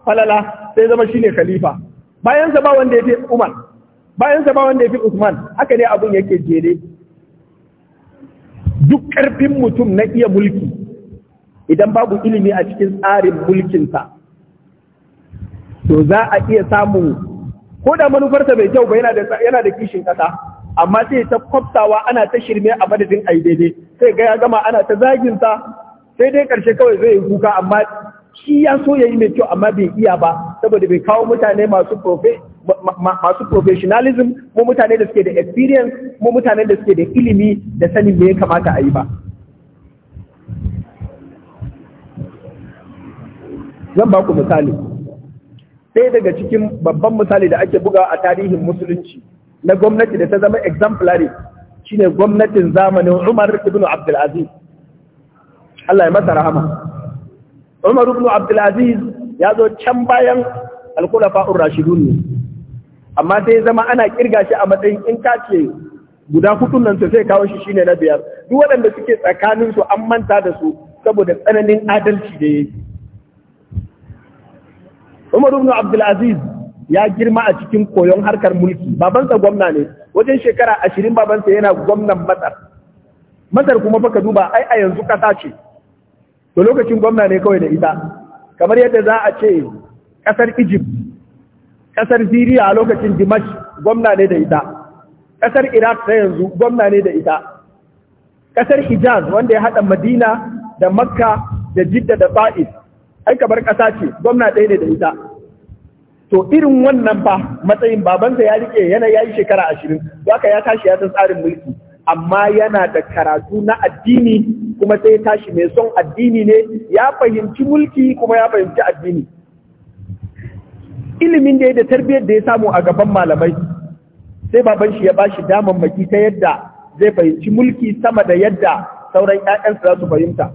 falala sai zama shine khalifa bayan sa ba wanda ya fi umar bayan sa ba wanda ya fi usman haka ne abun yake jere duk ƙarfin mutum na iya mulki idan babu ilimi a cikin tsarin mulkinsa to za a iya samun ko da manufarsa bai kyau ba yana da kishin ƙasa amma sai ta kwaftawa ana ta shirme a madadin ai daidai sai ga ya gama ana ta zagin sa sai dai karshe kawai zai yi kuka amma shi ya so ya yi mai kyau amma bai iya ba saboda bai kawo mutane masu masu professionalism mu mutane da suke da experience mu mutane da suke da ilimi da sanin me ya kamata a yi ba zan ba ku misali sai daga cikin babban misali da ake buga a tarihin musulunci na gwamnati da ta zama exemplary shine gwamnatin zamanin Umar ibn Abdul Aziz Allah ya masa rahama Umar ibn Abdul Aziz ya zo can bayan al-Khulafa'ur Rashidun ne amma sai zama ana kirga shi a matsayin in ka guda hudun nan sai kawo shi shine na biyar duk waɗanda suke tsakanin su an manta da su saboda tsananin adalci da yake Umar ibn Abdul Aziz ya girma a cikin koyon harkar mulki babansa gwamna ne wajen shekara ashirin babansa yana gwamnan matsar. Matsar kuma baka duba ai a yanzu kasa ce to lokacin gwamna ne kawai da ita kamar yadda za a ce kasar egypt kasar Ziriya a lokacin dimash gwamna ne da ita kasar iraq ta yanzu gwamna ne da ita kasar hijaz wanda ya haɗa madina da makka da jidda da Fa'id ai kamar kasa ce gwamna ɗaya ne da ita to irin wannan fa matsayin babansa ya rike yana yayi shekara ashirin haka ya tashi ya san tsarin mulki amma yana da karatu na addini kuma sai tashi mai son addini ne ya fahimci mulki kuma ya fahimci addini ilimin da ya da tarbiyyar da ya samu a gaban malamai sai baban shi ya bashi damammaki ta yadda zai fahimci mulki sama da yadda sauran 'ya'yansa za su fahimta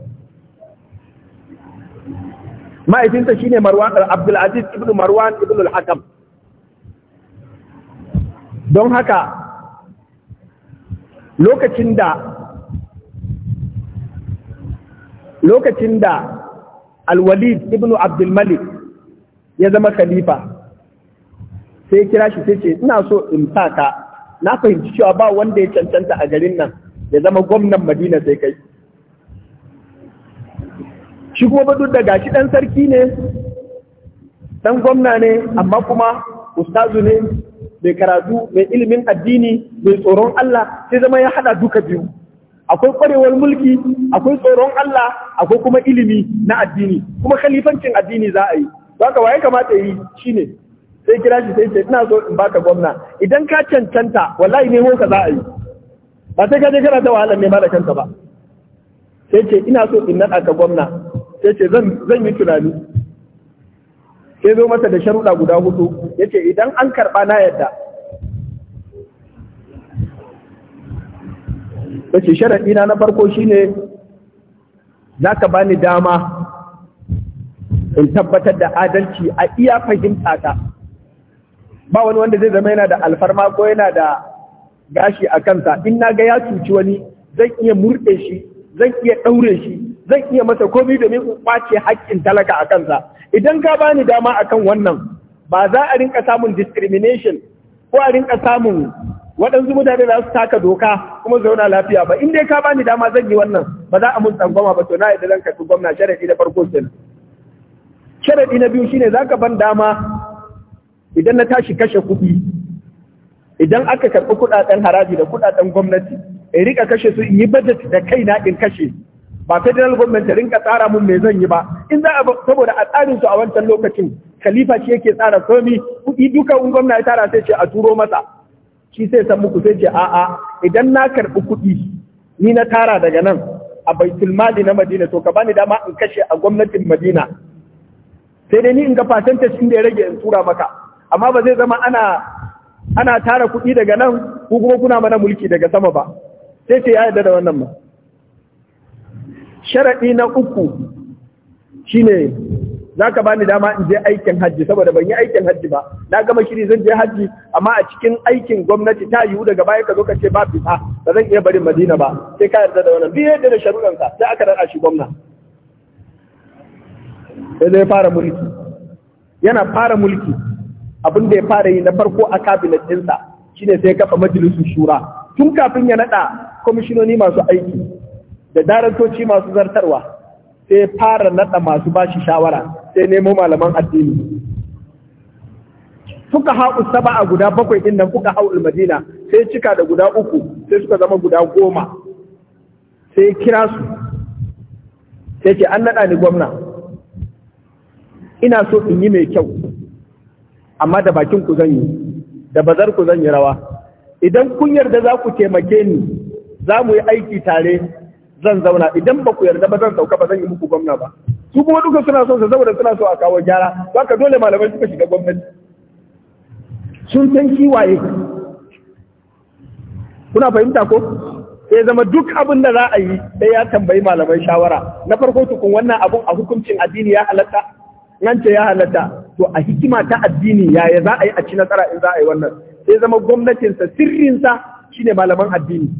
mahaifinsa shine Marwan Abdulaziz ibn Marwan ibn al-Hakam don haka lokacin da lokacin da Al-Walid ibn Abdul Malik ya zama khalifa sai kira shi sai ce ina so in saka na fahimci cewa ba wanda ya cancanta a garin nan ya zama gwamnan Madina sai kai shi kuma ba duk da gashi ɗan sarki ne ɗan gwamna ne amma kuma ustazu ne mai karatu mai ilimin addini mai tsoron Allah sai zama ya hada duka biyu akwai ƙwarewar mulki akwai tsoron Allah akwai kuma ilimi na addini kuma khalifancin addini za a yi haka waye kamata yi shi ne. sai kira shi sai ce ina so in baka gwamna idan ka cancanta wallahi ne ka za a yi ba sai ka je kana ta wahalar ba da kanta ba sai ce ina so in naɗa ka gwamna ya ce zan yi tunani sai zo mata da sharuɗa guda hudu ya ce idan an karɓa na yadda ya ce sharaɗina na farko shine za ka bani dama in tabbatar da adalci a iya fahimta ta ba wani wanda zai zama yana da alfarma ko yana da gashi a kansa in na ga ya cuci wani zan iya murɗe shi zan iya ɗaure shi zan iya masa komi domin in kwace haƙƙin talaka a kansa idan ka bani dama akan wannan ba za a rinka samun discrimination ko a rinka samun waɗansu mutane za su taka doka kuma zauna lafiya ba in dai ka bani dama zan yi wannan ba za a mun tsangwama ba to na yadda zan karɓi gwamna sharadi na farko kenan sharadi na biyu shine ka ban dama idan na tashi kashe kuɗi idan aka karɓi kuɗaɗen haraji da kuɗaɗen gwamnati in rika kashe su in yi budget da kaina in kashe ba federal government ta rinka tsara mun me zan yi ba in za a saboda a tsarin su a wancan lokacin khalifa shi yake tsara komi kuɗi duka un gwamna ya tara sai ce a turo masa shi sai san muku sai ce a idan na karɓi kuɗi ni na tara daga nan a baitul mali na madina to ka bani dama in kashe a gwamnatin madina sai dai ni in ga fatanta shi da ya rage in tura maka amma ba zai zama ana ana tara kuɗi daga nan ko kuma kuna mana mulki daga sama ba sai ce ya yarda da wannan ba sharaɗi na uku shi ne za ka bani dama in je aikin hajji saboda ban yi aikin hajji ba na gama shiri zan je hajji amma a cikin aikin gwamnati ta yiwu daga baya ka zo ka ce ba fita ba zan iya barin madina ba sai ka yarda da wannan duk da sharuɗansa sai aka rada shi gwamna sai zai fara mulki yana fara mulki abin da ya fara yi na farko a kabinet ɗinsa shine sai kafa majalisun shura tun kafin ya naɗa kwamishinoni masu aiki da darantoci masu zartarwa sai fara nada masu bashi shawara sai nemo malaman addini suka haƙu saba a guda bakwai ɗin nan kuka haƙu madina sai cika da guda uku sai suka zama guda goma sai kira su sai ce an naɗa ni gwamna ina so in yi mai kyau amma da bakin ku zan yi da bazar ku zan yi rawa idan kun yarda za ku taimake ni za mu yi aiki tare zan zauna idan ba ku yarda ba zan sauka ba zan yi muku gwamna ba su kuma duka suna so su saboda suna so a kawo gyara ba ka dole malamai suka shiga gwamnati sun san kiwaye kuna fahimta ko sai zama duk abin da za a yi sai ya tambayi malamai shawara na farko tukun wannan abun a hukuncin addini ya halatta nan ce ya halatta to a hikima ta addini yaya za a yi a ci nasara in za a yi wannan sai zama gwamnatinsa sirrinsa shine malaman addini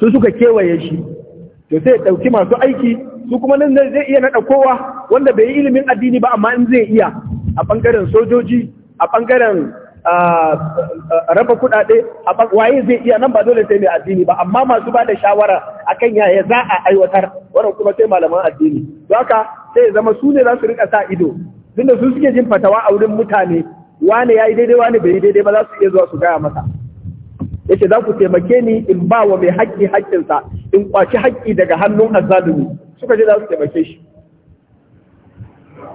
su suka kewaye shi to sai ya ɗauki masu aiki su kuma nan zai iya naɗa kowa wanda bai yi ilimin addini ba amma in zai iya a ɓangaren sojoji a ɓangaren raba kudade, a waye zai iya nan ba dole sai mai addini ba amma masu ba da shawara akan yaya za a aiwatar wannan kuma sai malaman addini don haka sai ya zama su ne za su rika sa ido tunda su suke jin fatawa a wurin mutane wane ya yi daidai wane bai yi daidai ba za su iya zuwa su gaya masa yace za ku taimake ni in ba wa mai haƙƙi haƙƙinsa in kwaci haƙƙi daga hannun azzalumi suka je za su taimake shi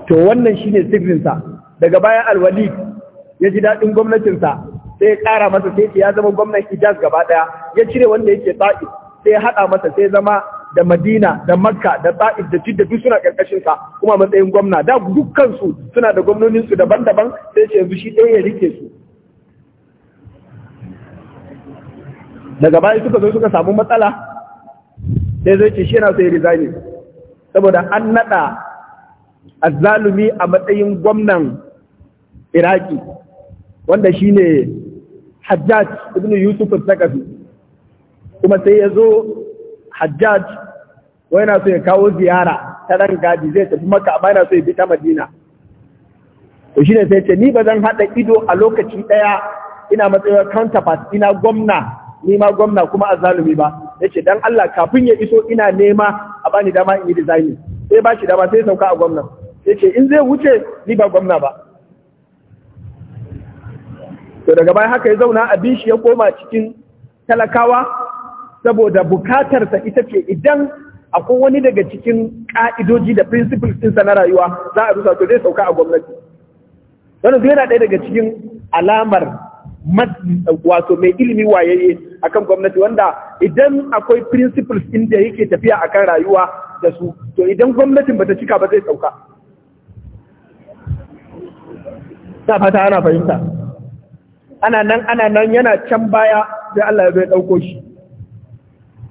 to wannan shine sirrinsa daga bayan alwali ya ji daɗin gwamnatinsa sai ya ƙara masa sai ya zama gwamnan hijaz gaba ɗaya ya cire wanda yake ta'if sai ya haɗa masa sai zama da madina da makka da ta'if da jidda duk suna ƙarƙashinsa kuma matsayin gwamna da dukkansu suna da su daban-daban sai ce yanzu shi ɗaya ya rike su daga baya suka zo suka samu matsala sai zai ce shi yana sai rizani saboda an nada azalumi a matsayin gwamnan iraki wanda shi ne hajjaj ibn yusuf al-sakafi kuma sai ya zo hajjaj wai na so ya kawo ziyara ta ran gadi zai tafi maka amma yana so ya bi ta madina to shine sai ce ni ba zan haɗa ido a lokaci ɗaya ina matsayin counterpart ina gwamna ni ma gwamna kuma azalumi ba Ya ce dan Allah kafin ya iso ina nema a bani dama in yi design sai ba shi dama sai sauka a gwamna Ya ce in zai wuce ni ba gwamna ba to daga bayan haka ya zauna a shi ya koma cikin talakawa saboda bukatarsa ita ce idan akwai wani daga cikin ka'idoji da principles ɗinsa na rayuwa za a rusa to zai sauka a gwamnati Wani zai na ɗaya daga cikin alamar wato mai ilimi wayayye akan gwamnati wanda idan akwai principles inda yake tafiya akan rayuwa da su to idan gwamnatin bata cika ba zai sauka ta fata ana fahimta ana nan ana nan yana can baya sai Allah ya zo dauko shi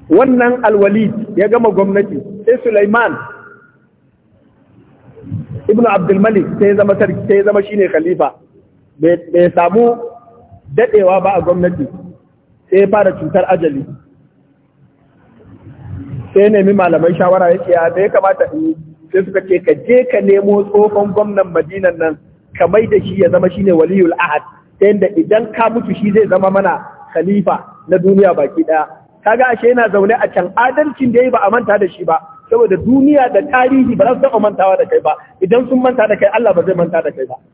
wannan alwalid ya gama gwamnati sai Sulaiman ibnu Abdul Malik sai zama sarki sai zama shine khalifa bai samu dadewa ba a gwamnati sai fara cutar ajali sai nemi malamai shawara ya ke ya kamata in sai suka ce ka je ka nemo tsohon gwamnan madinan nan ka mai da shi ya zama shi ne waliyul ahad ta yadda idan ka mutu shi zai zama mana khalifa na duniya baki daya kaga ashe yana zaune a can adalcin da yayi ba a manta da shi ba saboda duniya da tarihi ba za su taɓa mantawa da kai ba idan sun manta da kai Allah ba zai manta da kai ba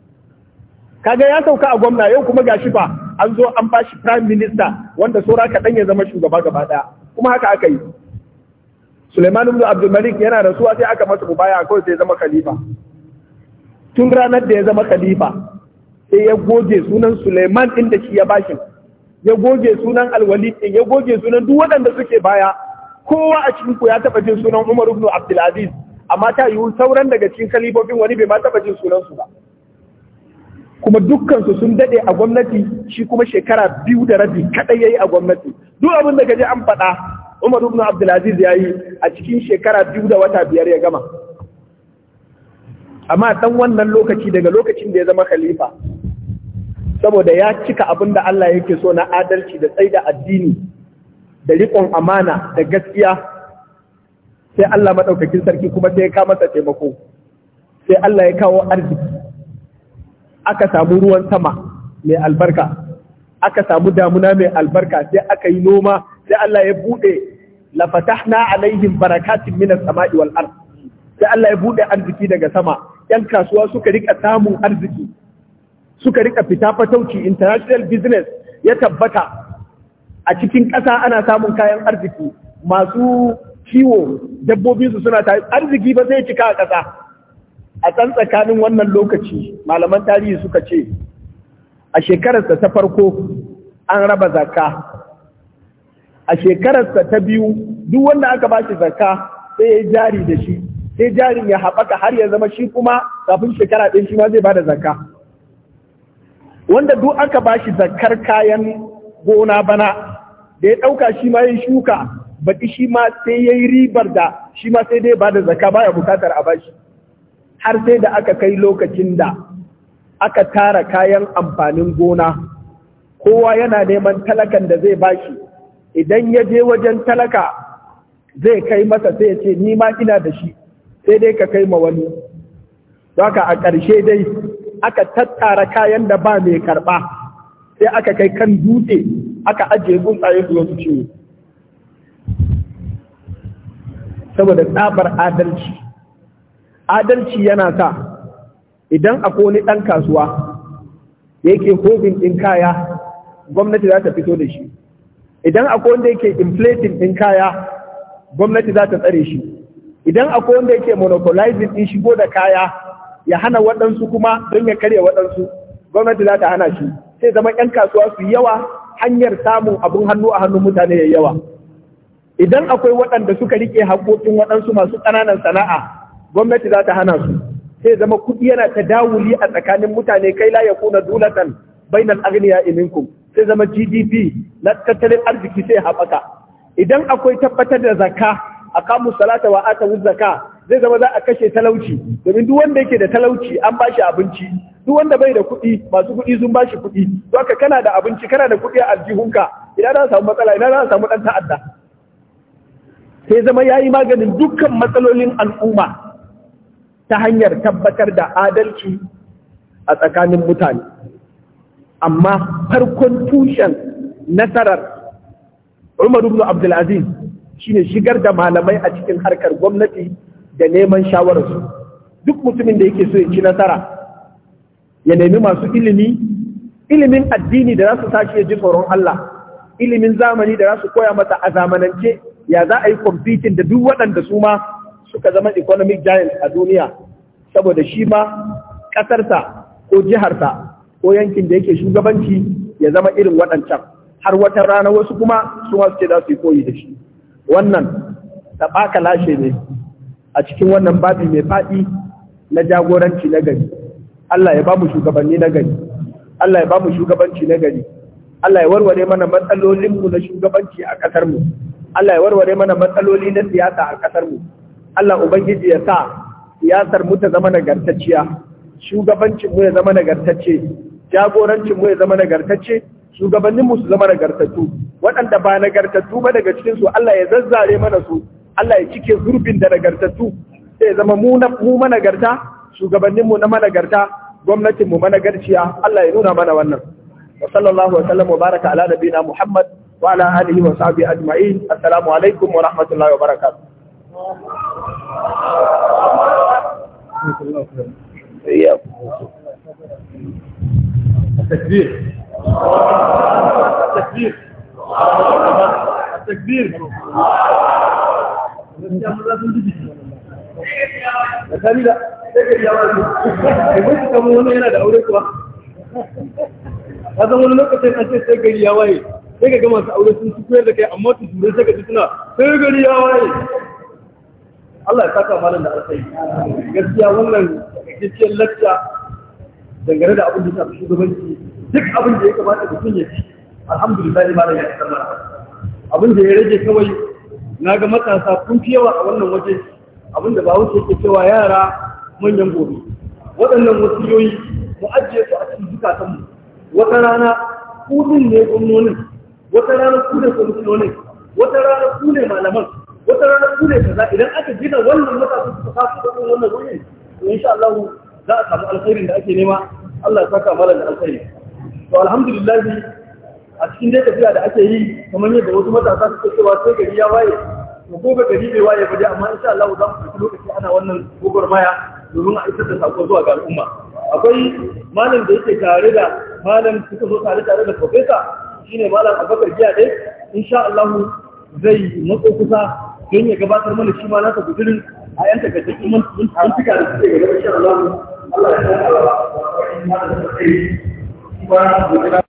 kaga ya sauka a gwamna yau kuma ga shi ba an zo an bashi prime minister wanda saura kaɗan ya zama shugaba gaba ɗaya kuma haka aka yi Suleiman ibn Abdul Malik yana rasuwa sai aka masa mubaya kawai sai ya zama khalifa tun ranar da ya zama khalifa sai ya goge sunan Suleiman din da shi ya bashi ya goge sunan Al-Walid din ya goge sunan duk waɗanda suke baya kowa a cikin ku ya taɓa jin sunan Umar ibn Abdul Aziz amma ta yiwu sauran daga cikin Khalifofin wani bai ma taɓa jin sunan su ba kuma dukkansu sun dade a gwamnati shi kuma shekara biyu da rabi kadai yayi a gwamnati duk abin da kaje an faɗa Umar ibn Abdulaziz yayi a cikin shekara biyu da wata biyar ya gama amma dan wannan lokaci daga lokacin da ya zama khalifa saboda ya cika abin da Allah yake so na adalci da tsaida addini da riƙon amana da gaskiya sai Allah madaukakin sarki kuma sai ya kawo masa taimako sai Allah ya kawo arziki aka samu ruwan sama mai albarka aka samu damuna mai albarka sai aka yi noma sai Allah ya buɗe la alaihim barakatin minas sama'i wal ard sai Allah ya buɗe arziki daga sama yan kasuwa suka rika samun arziki suka rika fita fatauci international business ya tabbata a cikin ƙasa ana samun kayan arziki masu kiwo dabbobinsu suna ta arziki ba zai cika a ƙasa a ɗan tsakanin wannan lokaci malaman tarihi suka ce a shekararsa ta farko an raba zakka a shekararsa ta biyu duk wanda aka ba shi zakka sai ya jari da shi sai jarin ya haɓaka har ya zama shi kuma kafin shekara ɗin shi ma zai ba da zakka wanda duk aka ba shi zakkar kayan gona bana da ya ɗauka shi ma ya shuka baki shi ma sai ya yi ribar da shi ma sai dai ba da zakka baya bukatar a bashi. har sai da aka kai lokacin da aka tara kayan amfanin gona kowa yana neman talakan da zai bashi idan ya je wajen talaka zai kai masa sai ya ce ni ma ina da shi sai dai ka kai ma wani haka a ƙarshe dai aka tattara kayan da ba mai karɓa sai aka kai kan dutse aka ajiye tsuntsaye su wasu ciwo saboda tsabar adalci adalci yana sa idan akwai wani ɗan kasuwa yake hobin ɗin kaya gwamnati za ta fito da shi idan akwai wanda yake inflating ɗin kaya gwamnati za ta tsare shi idan akwai wanda yake monopolizing ɗin shigo da kaya ya hana waɗansu kuma don ya karya waɗansu gwamnati za ta hana shi sai zama 'yan kasuwa su yawa hanyar samun abin hannu a hannun mutane ya yawa idan akwai waɗanda suka rike haƙoƙin waɗansu masu ƙananan sana'a gwamnati za ta hana su sai zama kuɗi yana ta dawuli a tsakanin mutane kai la kuna dulatan bainal aghniya iminku. sai zama GDP na tattalin arziki sai haɓaka idan akwai tabbatar da zakka aqamu salata wa atu zakka zai zama za a kashe talauci domin duk wanda yake da talauci an ba shi abinci duk wanda bai da kuɗi masu kuɗi sun ba shi kuɗi don haka kana da abinci kana da kuɗi a aljihunka idan za samu matsala idan za samu ɗan ta'adda sai zama yayi maganin dukkan matsalolin al'umma ta hanyar tabbatar da adalci a tsakanin mutane amma farkon tushen nasarar umar ibn abdulaziz ne shigar da malamai a cikin harkar gwamnati da neman shawararsu duk mutumin da yake so ya ci nasara ya nemi masu ilimi ilimin addini da za su tashi ya ji tsoron Allah ilimin zamani da za su koya mata a zamanance ya za a yi kwamfitin da duk waɗanda su ma suka zama economic giant a duniya saboda shi ma ƙasarsa ko jiharsa ko yankin da yake shugabanci ya zama irin waɗancan har wata rana wasu kuma su ce za su yi koyi da shi wannan taɓaka lashe ne a cikin wannan babi mai faɗi na jagoranci na gari Allah ya ba mu shugabanni na gari Allah ya ba mu shugabanci na gari Allah ya warware mana matsalolinmu na shugabanci a ƙasarmu Allah ya warware mana matsaloli na siyasa a ƙasarmu Allah Ubangiji ya sa siyasar mu ta zama nagartacciya shugabancin mu ya zama nagartacce jagorancin mu ya zama nagartacce shugabannin mu su zama nagartattu waɗanda ba nagartattu ba daga cikin su Allah ya zazzare mana su Allah ya cike zurbin da nagartattu sai zama mu mu managarta shugabannin mu na managarta gwamnatin mu managarciya Allah ya nuna mana wannan wa sallallahu wa sallam wa baraka ala nabiyina Muhammad wa ala alihi wa sahbihi ajma'in assalamu alaikum wa rahmatullahi wa barakatuh التكبير zama wani lokacin an ce sai gari ya waye sai ga gama su sun ci da kai amma su jure sai ga suna sai gari ya waye Allah ya saka malam da alkai gaskiya wannan gaskiyar lacca dangane da abin da shafi shugabanci duk abin da ya kamata da sun ci alhamdulillah malam ya tsara abin da ya rage kawai na ga matasa kun fi yawa a wannan waje abin da ba wuce yake cewa yara manyan gobe waɗannan wasiyoyi mu ajiye su a cikin zukatanmu wata rana kudin ne gwamnonin wata rana kudin ne wata rana kudin ne malaman wata ranar ku ne kaza idan aka gina wannan matasa suka kasu da wannan wuri to insha Allah za a samu alkhairin da ake nema Allah ya saka malam da alkhairi to alhamdulillah a cikin dai tafiya da ake yi kamar yadda wasu matasa suke cewa sai gari ya waye ko gobe gari bai waye ba amma insha Allah za mu ɗauki lokaci ana wannan gwagwarmaya domin a isar da sako zuwa ga al'umma akwai malam da yake tare da malam suka zo tare tare da profesa shine malam Abubakar Giya dai insha Allah zai matso kusa don ya gabatar mana shi ma nasa gudunin a yan takaddun mun mun tuka da suke ga rashin Allah Allah ya tsara wa in ma da sai ba